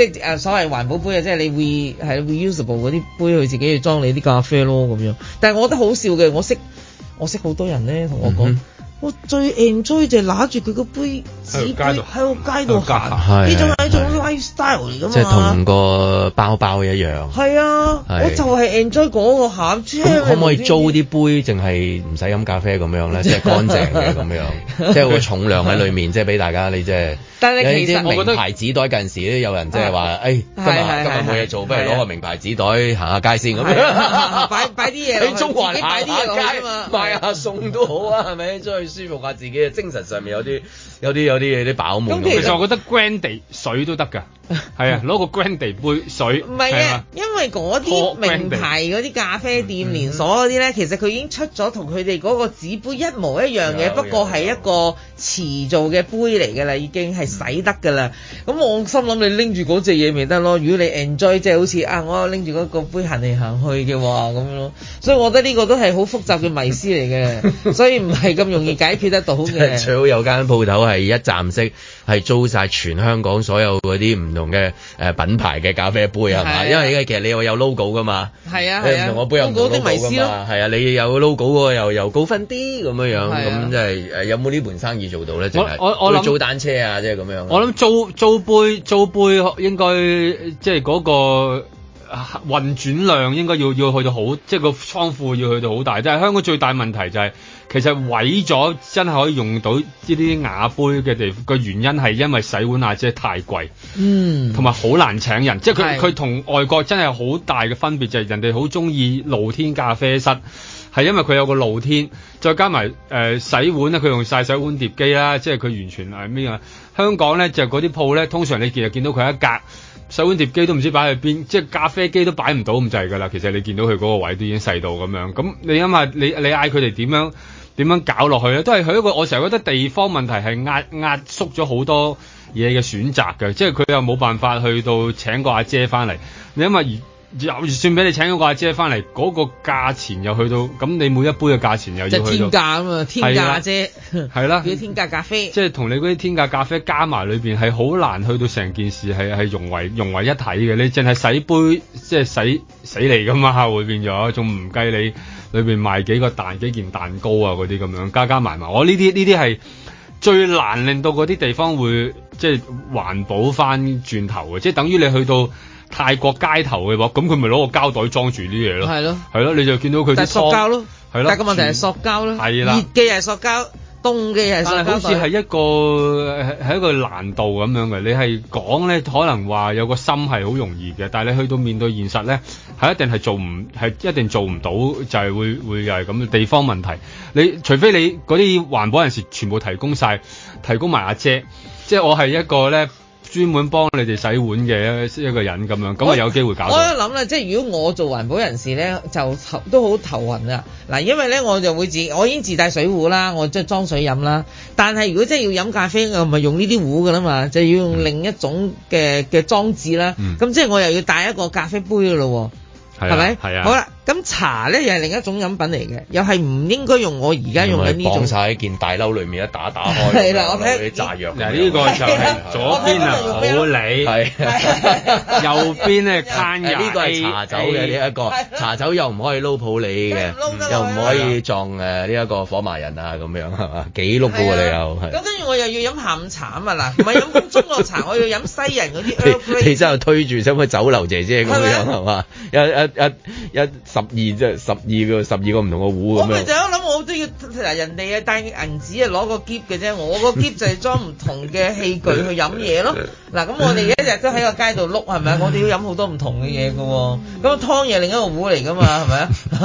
即係誒，所謂環保杯啊，即係你會係可 reusable 嗰啲杯，去自己去裝你啲咖啡咯咁樣。但係我覺得好笑嘅，我識我識好多人咧，同我講。嗯我最 enjoy 就係攞住佢個杯紙喺個街度呢種係一種 life style 嚟㗎嘛。即係同個包包一樣。係啊，我就係 enjoy 嗰個盒。可唔可以租啲杯，淨係唔使飲咖啡咁樣咧？即係乾淨嘅咁樣，即係會重量喺裏面，即係俾大家你即係。但係你其實，我覺得名牌紙袋近時都有人即係話，誒今日今日冇嘢做，不如攞個名牌紙袋行下街先咁樣。擺擺啲嘢，自己擺啲嘢咁啊嘛，買下餸都好啊，係咪舒服下自己嘅精神上面有啲有啲有啲有啲飽滿，咁其實我覺得 grande、e、水都得㗎，係 啊，攞個 grande、e、杯水。唔係啊，吧因為嗰啲名牌嗰啲咖啡店、oh, 嗯、連鎖啲咧,其實佢已經出咗同佢哋嗰個紙杯一模一樣嘅，不過係一個瓷做嘅杯嚟㗎啦，已經係使得㗎啦。咁、嗯、我心諗你拎住嗰隻嘢咪得咯。如果你 enjoy 即係好似啊，我拎住嗰個杯行嚟行去嘅話咁樣咯，所以我覺得呢個都係好複雜嘅迷思嚟嘅， 所以唔係咁容易。解決得到嘅， 最好有間鋪頭係一站式，係租晒全香港所有嗰啲唔同嘅誒品牌嘅咖啡杯，係咪？是啊、因為而家其實你話有 logo 噶嘛，係啊，唔、啊、同我杯又唔同嘅 logo 噶嘛，係啊，啊啊你有 logo 嗰個又又高分啲咁樣樣，咁即係誒有冇呢門生意做到咧？即係，我我諗租單車啊，即係咁樣。我諗租租杯租杯應該即係嗰個運轉量應該要要去到好，即、就、係、是、個倉庫要去到好大。即係香港最大問題就係、是。其實毀咗真係可以用到呢啲瓦杯嘅地方，個原因係因為洗碗亞姐太貴，嗯，同埋好難請人，即係佢佢同外國真係好大嘅分別就係、係、人哋好中意露天咖啡室，係因為佢有個露天，再加埋誒、呃、洗碗咧，佢用晒洗碗碟，碟機啦，即係佢完全係咩啊？香港咧就嗰啲鋪咧，通常你見就見到佢一格洗碗碟，碟機都唔知擺去邊，即係咖啡機都擺唔到咁滯㗎啦。其實你見到佢嗰個位都已經細到咁樣，咁你諗下，你你嗌佢哋點樣？點樣搞落去咧？都係佢一個，我成日覺得地方問題係壓壓縮咗好多嘢嘅選擇嘅，即係佢又冇辦法去到請個阿姐翻嚟。你因為就算俾你請個阿姐翻嚟，嗰、嗰個價錢又去到咁，你每一杯嘅價錢又要係天價吖嘛！天價阿姐係啦，嗰啲天價咖啡，即係同你嗰啲天價咖啡加埋裏邊係好難去到成件事係係融為融為一體嘅。你淨係洗杯即係洗洗嚟咁嘛，會變咗，仲唔計你。裏邊賣幾個蛋、幾件蛋糕啊，嗰啲咁樣加加埋埋，我呢啲呢啲係最難令到嗰啲地方會即係環保翻轉頭嘅，即係等於你去到泰國街頭嘅話，咁佢咪攞個膠袋裝住啲嘢咯？係咯的，係咯，你就見到佢啲塑膠咯，係咯的。但係個問題係塑膠咯，的熱嘅又係塑膠。動機係好似係一個係一個難度咁樣嘅。你係講咧，可能話有個心係好容易嘅，但係你去到面對現實咧，係一定係做唔係一定做唔到就，就係會會又係咁嘅地方問題。你除非你嗰啲環保人士全部提供晒，提供埋阿姐，即係我係一個咧。專門幫你哋洗碗嘅一一個人咁樣，咁啊有機會搞到。我一諗咧，即係如果我做環保人士咧，就頭都好頭暈啊！嗱，因為咧我就會自我已經自帶水壺啦，我即係裝水飲啦。但係如果真係要飲咖啡，我唔係用呢啲壺㗎啦嘛，就要用另一種嘅嘅、嗯、裝置啦。咁、嗯、即係我又要帶一個咖啡杯㗎咯喎，係咪、嗯？係吧啊。啊好啦。咁茶咧又係另一種飲品嚟嘅，又係唔應該用我而家用緊呢種。係，喺件大褸裏面一打打開。係啦，我睇。嗱呢個就係左邊啊，普洱，右邊咧攤人。呢個係茶酒嘅呢一個，茶酒又唔可以撈普洱嘅，又唔可以撞誒呢一個火麻仁啊咁樣係嘛，幾碌㗎喎你又係。咁跟住我又要飲下午茶啊嘛嗱，唔係飲中國茶，我要飲西人嗰啲。企起身推住想去酒樓姐姐咁樣係嘛，有。一一十二即係十二個，十二個唔同嘅壺咁樣。我咪就喺度諗，我都要嗱，人哋啊帶銀紙啊攞個篋嘅啫，我個篋就係裝唔同嘅器具去飲嘢咯。嗱咁、 啊、我哋一日都喺個街度碌，係咪我哋要飲好多唔同嘅嘢嘅喎。咁湯嘢另一個壺嚟㗎嘛係咪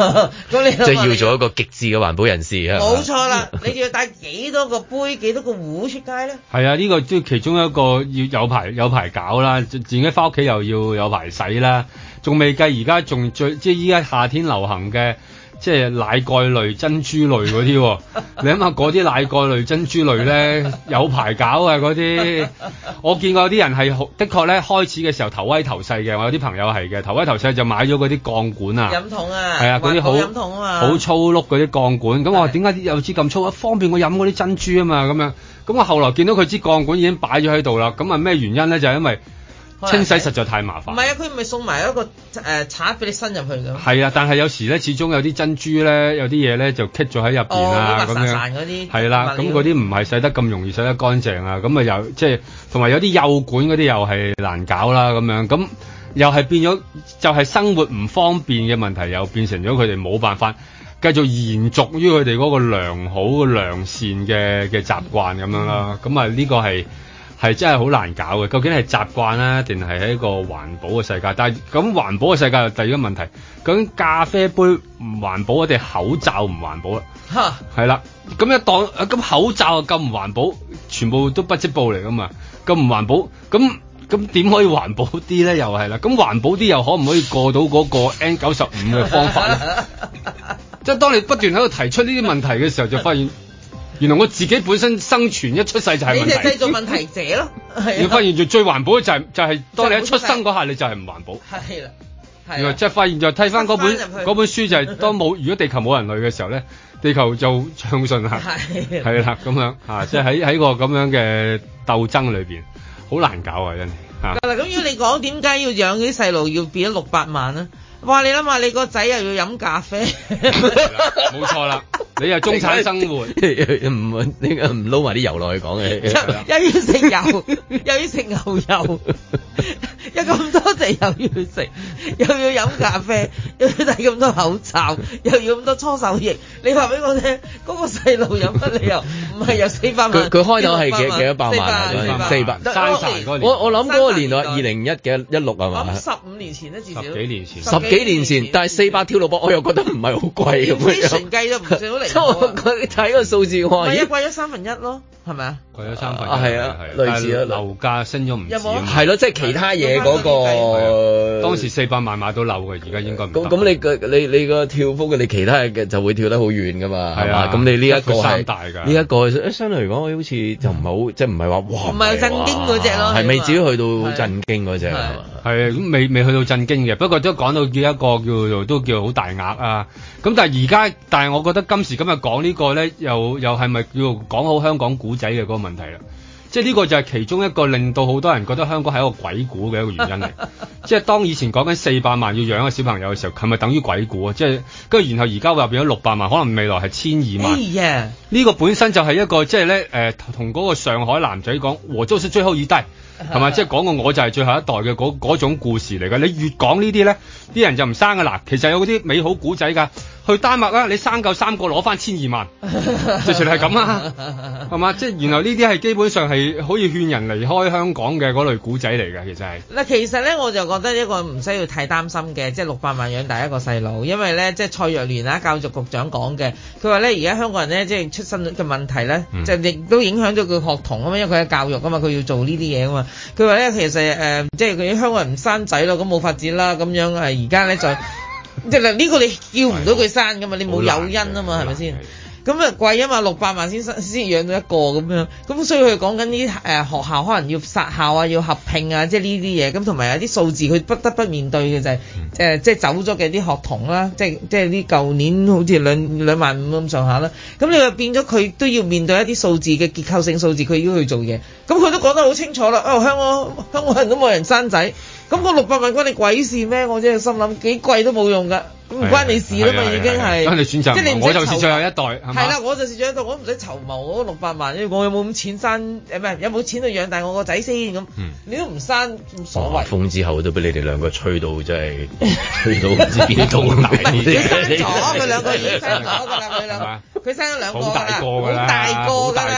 啊？即係 要做一個極致嘅環保人士啊！冇錯啦，你要帶幾多個杯、幾多個壺出街咧？係 啊，呢、呢個都其中一個要有排有排搞啦，自己翻屋企又要有排洗啦。仲未計，而家仲最即係依家夏天流行嘅，即係奶蓋類、珍珠類嗰啲、哦。 你諗下嗰啲奶蓋類、珍珠類咧， 有排搞啊嗰啲。我見過有啲人係的確咧開始嘅時候頭威頭細嘅，我有啲朋友係嘅，頭威頭細就買咗嗰啲鋼管啊，飲桶啊，係啊，嗰啲好好粗碌嗰啲鋼管。咁我點解有支咁粗？方便我飲嗰啲珍珠啊嘛。咁樣咁我後來見到佢支鋼管已經擺咗喺度啦。咁啊咩原因咧？就係、是、因為。清洗實在太麻煩，唔係啊，佢咪送埋一個誒刷俾你伸入去㗎。係啊，但係有時咧，始終有啲珍珠咧，有啲嘢咧就棘咗喺入邊啊，咁樣。係啦、啊，咁嗰啲唔係洗得咁容易洗得乾淨啊，咁啊又即係同埋有啲幼管嗰啲又係難搞啦，咁樣咁又係變咗就係、係、生活唔方便嘅問題，又變成咗佢哋冇辦法繼續延續於佢哋嗰個良好嘅良善嘅嘅習慣咁樣啦。咁啊呢個係。係真係好難搞嘅，究竟係習慣啦，定係喺一個環保嘅世界？但係咁環保嘅世界第二個問題，究竟咖啡杯唔環保，定係口罩唔環保啦。嚇哈，係啦，咁一當咁口罩咁唔環保，全部都不織布嚟噶嘛？咁唔環保，咁咁點可以環保啲咧？又係啦，咁環保啲又可唔可以過到嗰個 N 九十五嘅方法咧？即係 當你不斷喺度提出呢啲問題嘅時候，就發現。原來我自己本身生存一出世就係問題，你哋製造問題者咯。你 發現最環保就係、是、就係、是、當你一出生嗰下你就係唔環保。係啦，原來即係發現就睇翻嗰本本書就係當冇如果地球冇人類嘅時候咧，地球就暢順啦。係啦， 咁樣嚇，即係喺喺個咁樣嘅鬥爭裏邊，好難搞啊！真係嚇。嗱、啊、咁，如果你講點解要養啲細路要變咗六百萬咧？哇！你諗下，你個仔又要飲咖啡，冇錯啦，你又中產生活，唔唔唔撈埋啲油落去講嘅，又又要食油，又要食牛油，又咁多嘢又要食，又要飲咖啡，又要戴咁多口罩，又要咁多搓手液。你話俾我聽，嗰個細路有乜理由？唔係有四百萬，佢佢開頭係幾幾多百萬啊？四百萬，四百三十。我我我諗嗰個年代二零一幾一六係嘛？十五年前咧至少，十幾年前，十幾。幾年前，但係四百跳六百，我又覺得唔係好貴，咁樣。啲神計都唔算好嚟。 我睇個數字，我係啊貴咗三分一咯，係咪啊？貴咗三分，係啊，係啊，類似啊，樓價升咗唔止，係咯，即係其他嘢嗰個。當時四百萬買到樓嘅，而家應該唔得。咁你個你你個跳幅嘅，你其他嘅就會跳得好遠噶嘛，係嘛？咁你呢一個係呢一個，相對嚟講，好似就唔係好，即係唔係話哇，唔係震驚嗰隻咯，係未至於去到震驚嗰隻。係咁未未去到震驚嘅，不過都講到叫一個叫做都叫好大額啊。咁但係而家，但係我覺得今時今日講呢個咧，又又係咪叫做講好香港古仔嘅嗰問題啦，即係呢、這個就係其中一個令到好多人覺得香港係一個鬼故嘅一個原因嚟。 即係當以前講緊四百萬要養個小朋友嘅時候，係咪等於鬼故？啊？即係跟住然後而家話變咗六百萬，可能未來係千二萬。呢 Hey, yeah. 個本身就係一個即係咧誒，同嗰個上海男仔講，和租說最後一代」，係嘛，即係講過我就係最後一代嘅嗰嗰種故事嚟噶。你越講呢啲咧，啲人就唔生噶啦。其實有嗰啲美好故仔噶。去丹麥啦、啊！你生夠三個攞翻千二萬，直情係咁啊，係嘛？即係原來呢啲係基本上係可以勸人離開香港嘅嗰類古仔嚟嘅，其實係。嗱，其實咧我就覺得一個唔需要太擔心嘅，即係六百萬養大一個細路，因為咧即係蔡若蓮啊，教育局長講嘅，佢話咧而家香港人咧即係出生嘅問題咧，就亦都影響咗佢學童啊嘛，因為佢喺教育啊嘛，佢要做呢啲嘢啊嘛。佢話咧其實誒、呃，即係佢香港人唔生仔咯，咁冇發展啦，咁樣係而家咧就。 即係嗱，呢 個你要唔到佢生㗎嘛，哎、呦你冇有，誘因啊嘛，係咪先？咁啊貴啊嘛，六百萬先生先養到一個咁樣，咁所以佢講緊呢啲誒學校可能要殺校啊，要合併啊，即係呢啲嘢。咁同埋有啲數字，佢不得不面對嘅就係、是、誒，即係、嗯呃就是、走咗嘅啲學童啦，即係即係啲舊年好似兩兩萬五咁上下啦。咁你話變咗佢都要面對一啲數字嘅結構性數字，佢要去做嘢。咁佢都講得好清楚啦。啊、哦，香港香港人都冇人生仔。咁個六百萬關你鬼事咩？我真係心諗幾貴都冇用㗎，唔關你事啦嘛，已經係。咁你選擇，即係你唔使，我就是最後一代。係啦，我就係最後一代，我唔使籌謀嗰六百萬，因為我有冇咁錢生？誒唔係，有冇錢去養大我個仔先咁？你都唔生，所謂。風之後都俾你哋兩個吹到，真係吹到唔知邊度。唔係，你生左佢兩個，你生左佢兩佢生咗兩個㗎啦，好大個㗎啦。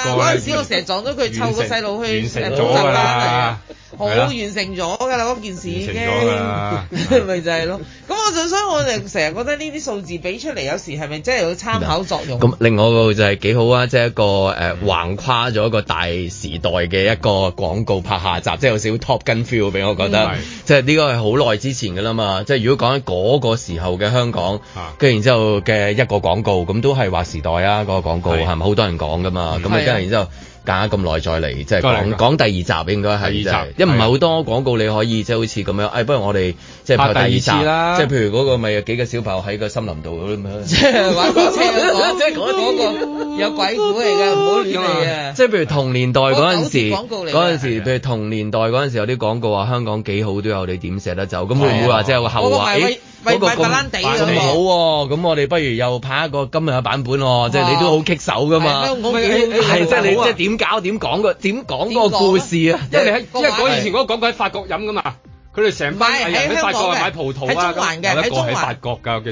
嗰陣時我成日撞到佢湊個細路去成補習啦，好完成咗㗎啦。嗰件事已經，咪就係咯。咁我就所以我哋成日覺得呢啲數字俾出嚟，有時係咪真係有參考作用？咁另外一個就係幾好啊，即係一個誒橫跨咗一個大時代嘅一個廣告拍下集，即係有少少 Top Gun feel 俾我覺得。即係呢個係好耐之前㗎啦嘛。即係如果講緊嗰個時候嘅香港，跟然之後嘅一個廣告，咁都係話時代。係啊，嗰個廣告係咪好多人講㗎嘛？咁啊，跟住然之後揀咁耐再嚟，即係講講第二集應該係，因為唔係好多廣告你可以即係好似咁樣，誒，不如我哋即係拍第二集啦，即係譬如嗰個咪有幾個小朋友喺個森林度咁樣，即係玩即係講廣告，有鬼故嚟㗎，唔好亂嚟啊！即係譬如同年代嗰陣時，嗰陣時譬如同年代嗰陣時有啲廣告話香港幾好，都有你點捨得走？咁會唔會話即係有個後遺？嗰咁，好咁我哋不如又拍一個今日嘅版本喎。即係你都好棘手㗎嘛。係即係你即係點搞點講個點講嗰個故事啊？因為喺因為講以前嗰個講佢喺法國飲㗎嘛，佢哋成班人喺法國係買葡萄啊。喺中環嘅喺中環嘅喺法國㗎。記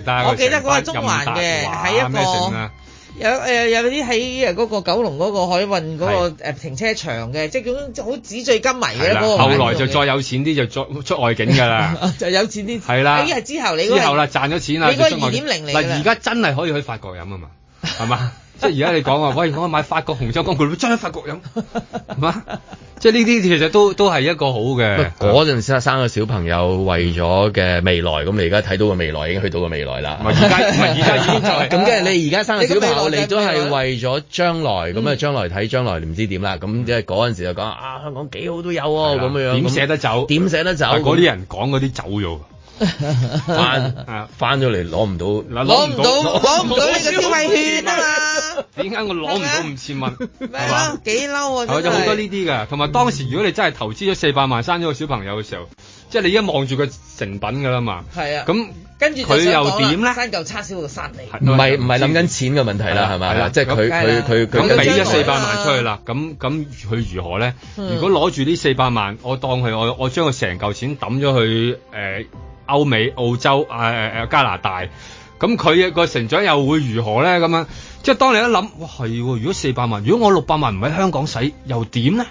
得嗰個中環嘅係一有誒有啲喺誒個九龍嗰個海運嗰個停車場嘅，的即係咁好紙醉金迷嘅的。後來就再有錢啲就再出外景㗎啦， 就有錢啲。係啦的，幾日，哎、之後你嗰日之後啦，賺咗錢啦，俾個二點零零，而家真係可以去法國飲啊嘛，係嘛？ 即係而家你講話，喂，如果我買法國紅酒，講句唔好聽，法國飲，係嘛？即係呢啲其實都都係一個好嘅。嗰陣時生生個小朋友，為咗嘅未來，咁你而家睇到個未來，已經去到個未來啦。唔係而家，唔係而家已經就係咁即係你而家生個小朋友你都係為咗將來，咁啊將來睇將來，唔知點啦。咁即係嗰陣時就講啊，香港幾好都有喎，咁樣點捨得走？點捨得走？嗰啲人講嗰啲走咗。翻啊！翻咗嚟攞唔到嗱，攞唔到攞唔到呢個消費券啊嘛！點解我攞唔到五千蚊？咩？幾嬲啊！有好多呢啲噶，同埋當時如果你真係投資咗四百萬生咗個小朋友嘅時候，即係你一望住個成品㗎啦嘛。係啊，咁跟住佢又點咧？生嚿叉燒殺你，唔係唔係諗緊錢嘅問題啦，係嘛？即係佢佢佢佢俾咗四百萬出去啦，咁咁佢如何咧？如果攞住呢四百萬，我當佢，我我將個成嚿錢抌咗去誒。歐美、澳洲、誒、呃、誒加拿大，咁佢嘅個成長又會如何咧？咁樣，即係當你一諗，哇係喎！如果四百萬，如果我六百萬唔喺香港使，又點咧？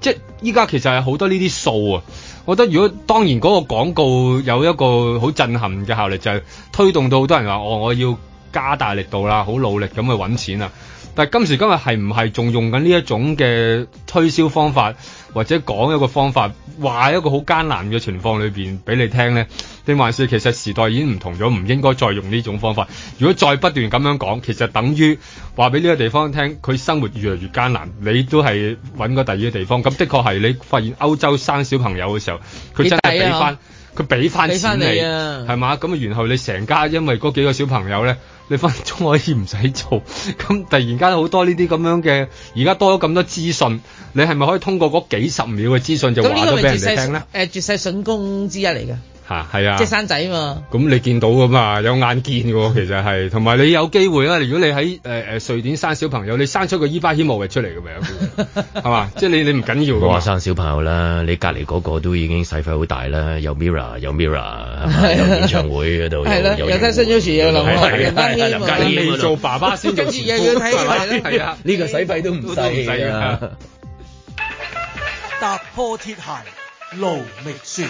即係依家其實係好多呢啲數啊！我覺得如果當然嗰個廣告有一個好震撼嘅效力，就係、是、推動到好多人話：哦，我要加大力度啦，好努力咁去揾錢啊！但今時今日係唔係仲用緊呢一種嘅推銷方法，或者講一個方法，話一個好艱難嘅情況裏邊俾你聽呢？定還是其實時代已經唔同咗，唔應該再用呢種方法？如果再不斷咁樣講，其實等於話俾呢個地方聽，佢生活越嚟越艱難，你都係揾個第二個地方。咁的確係你發現歐洲生小朋友嘅時候，佢真係俾翻。佢俾翻錢你啊係嘛？咁啊，然後你成家因為嗰幾個小朋友咧，你分鍾可以唔使做。咁突然間好多呢啲咁樣嘅，而家多咗咁多資訊，你係咪可以通過嗰幾十秒嘅資訊就話咗俾人哋聽咧？誒、呃，絕世筍工之一嚟嘅。嚇係啊！即係生仔嘛？咁你見到噶嘛？有眼見喎，其實係。同埋你有機會啦，如果你喺誒誒瑞典生小朋友，你生出個伊巴希莫嘅出嚟嘅咩？係嘛？即係你你唔緊要嘅。我話生小朋友啦，你隔離嗰個都已經使費好大啦，有 MIRROR 有 MIRROR 有演唱會嗰度。係啦，有睇《Singer》嘅林華，有睇做爸爸先做富二代啦，係啊！呢個使費都唔使。啊。踏破鐵鞋路未絕。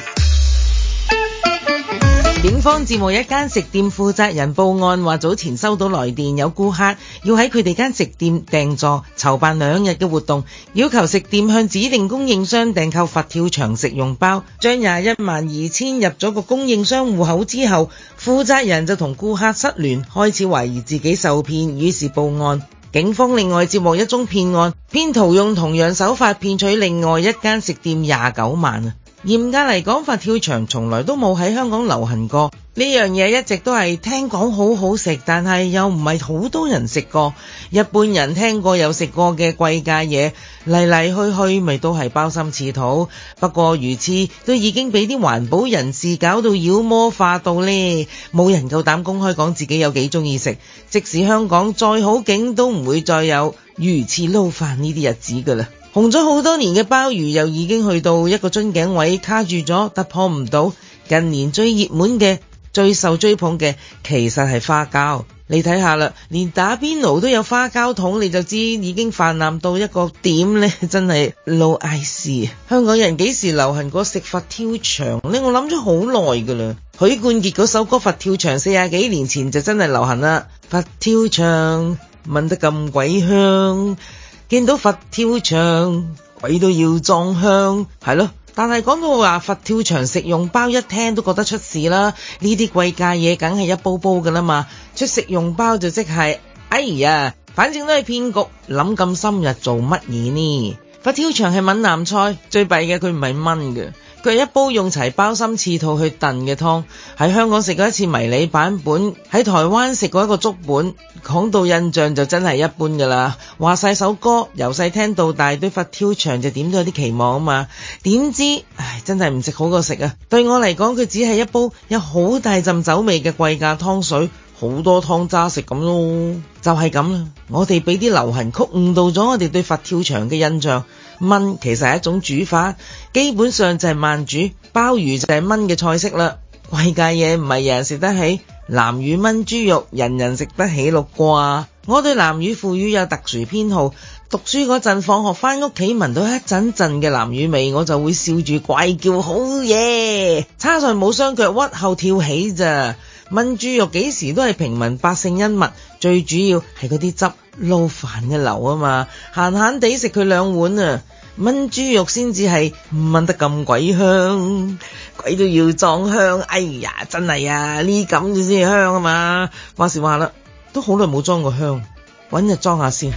警方接獲一間食店負責人報案，話早前收到來電，有顧客要喺佢哋間食店訂座，籌辦兩日嘅活動，要求食店向指定供應商訂購佛跳牆食用包，將廿一萬二千入咗個供應商戶口之後，負責人就同顧客失聯，開始懷疑自己受騙，於是報案。警方另外接獲一宗騙案，騙徒用同樣手法騙取另外一間食店廿九萬嚴格嚟講，佛跳牆從來都冇喺香港流行過。呢樣嘢一直都係聽講好好食，但係又唔係好多人食過。一般人聽過有食過嘅貴價嘢，嚟嚟去去咪都係鮑參翅肚。不過魚翅都已經俾啲環保人士搞到妖魔化到呢，冇人夠膽公開講自己有幾鍾意食。即使香港再好景，都唔會再有魚翅撈飯呢啲日子㗎啦。紅咗好多年嘅鮑魚又已經去到一個樽頸位卡住咗，突破唔到。近年最熱門嘅、最受追捧嘅其實係花膠。你睇下啦，連打邊爐都有花膠桶，你就知已經泛濫到一個點呢。真係老 I C 啊！香港人幾時流行過食佛跳牆呢，我諗咗好耐㗎啦。許冠傑嗰首歌《佛跳牆》四廿幾年前就真係流行啦，《佛跳牆》聞得咁鬼香。見到佛跳牆，鬼都要裝香，係咯。但係講到話佛跳牆食用包，一聽都覺得出事啦。呢啲貴價嘢，梗係一煲煲㗎喇嘛。出食用包就即係，哎呀，反正都係騙局。諗咁深入做乜嘢呢？佛跳牆係閩南菜，最弊嘅佢唔係燜嘅。佢一煲用齊鮑參翅肚去燉嘅湯，喺香港食過一次迷你版本，喺台灣食過一個足本，講到印象就真係一般㗎啦。話晒首歌由細聽到大，對佛跳牆就點都有啲期望啊嘛。點知唉，真係唔食好過食啊！對我嚟講，佢只係一煲有好大陣酒味嘅貴價湯水，好多湯渣食咁咯，就係咁啦。我哋俾啲流行曲誤導咗我哋對佛跳牆嘅印象。炆其實係一種煮法，基本上就係慢煮。鮑魚就係炆嘅菜式啦。貴界嘢唔係人人食得起，南乳炆豬肉人人食得起六啩。我對南乳腐乳有特殊偏好。讀書嗰陣放學翻屋企聞到一陣陣嘅南乳味，我就會笑住怪叫：好嘢！差上冇雙腳屈後跳起咋？炆豬肉幾時都係平民百姓恩物。最主要係嗰啲汁撈飯一流啊嘛，閒閒地食佢兩碗啊，炆豬肉先至係炆得咁鬼香，鬼都要裝香。哎呀，真係啊，呢咁先至香啊嘛。話時話啦，都好耐冇裝過香，搵日裝下先。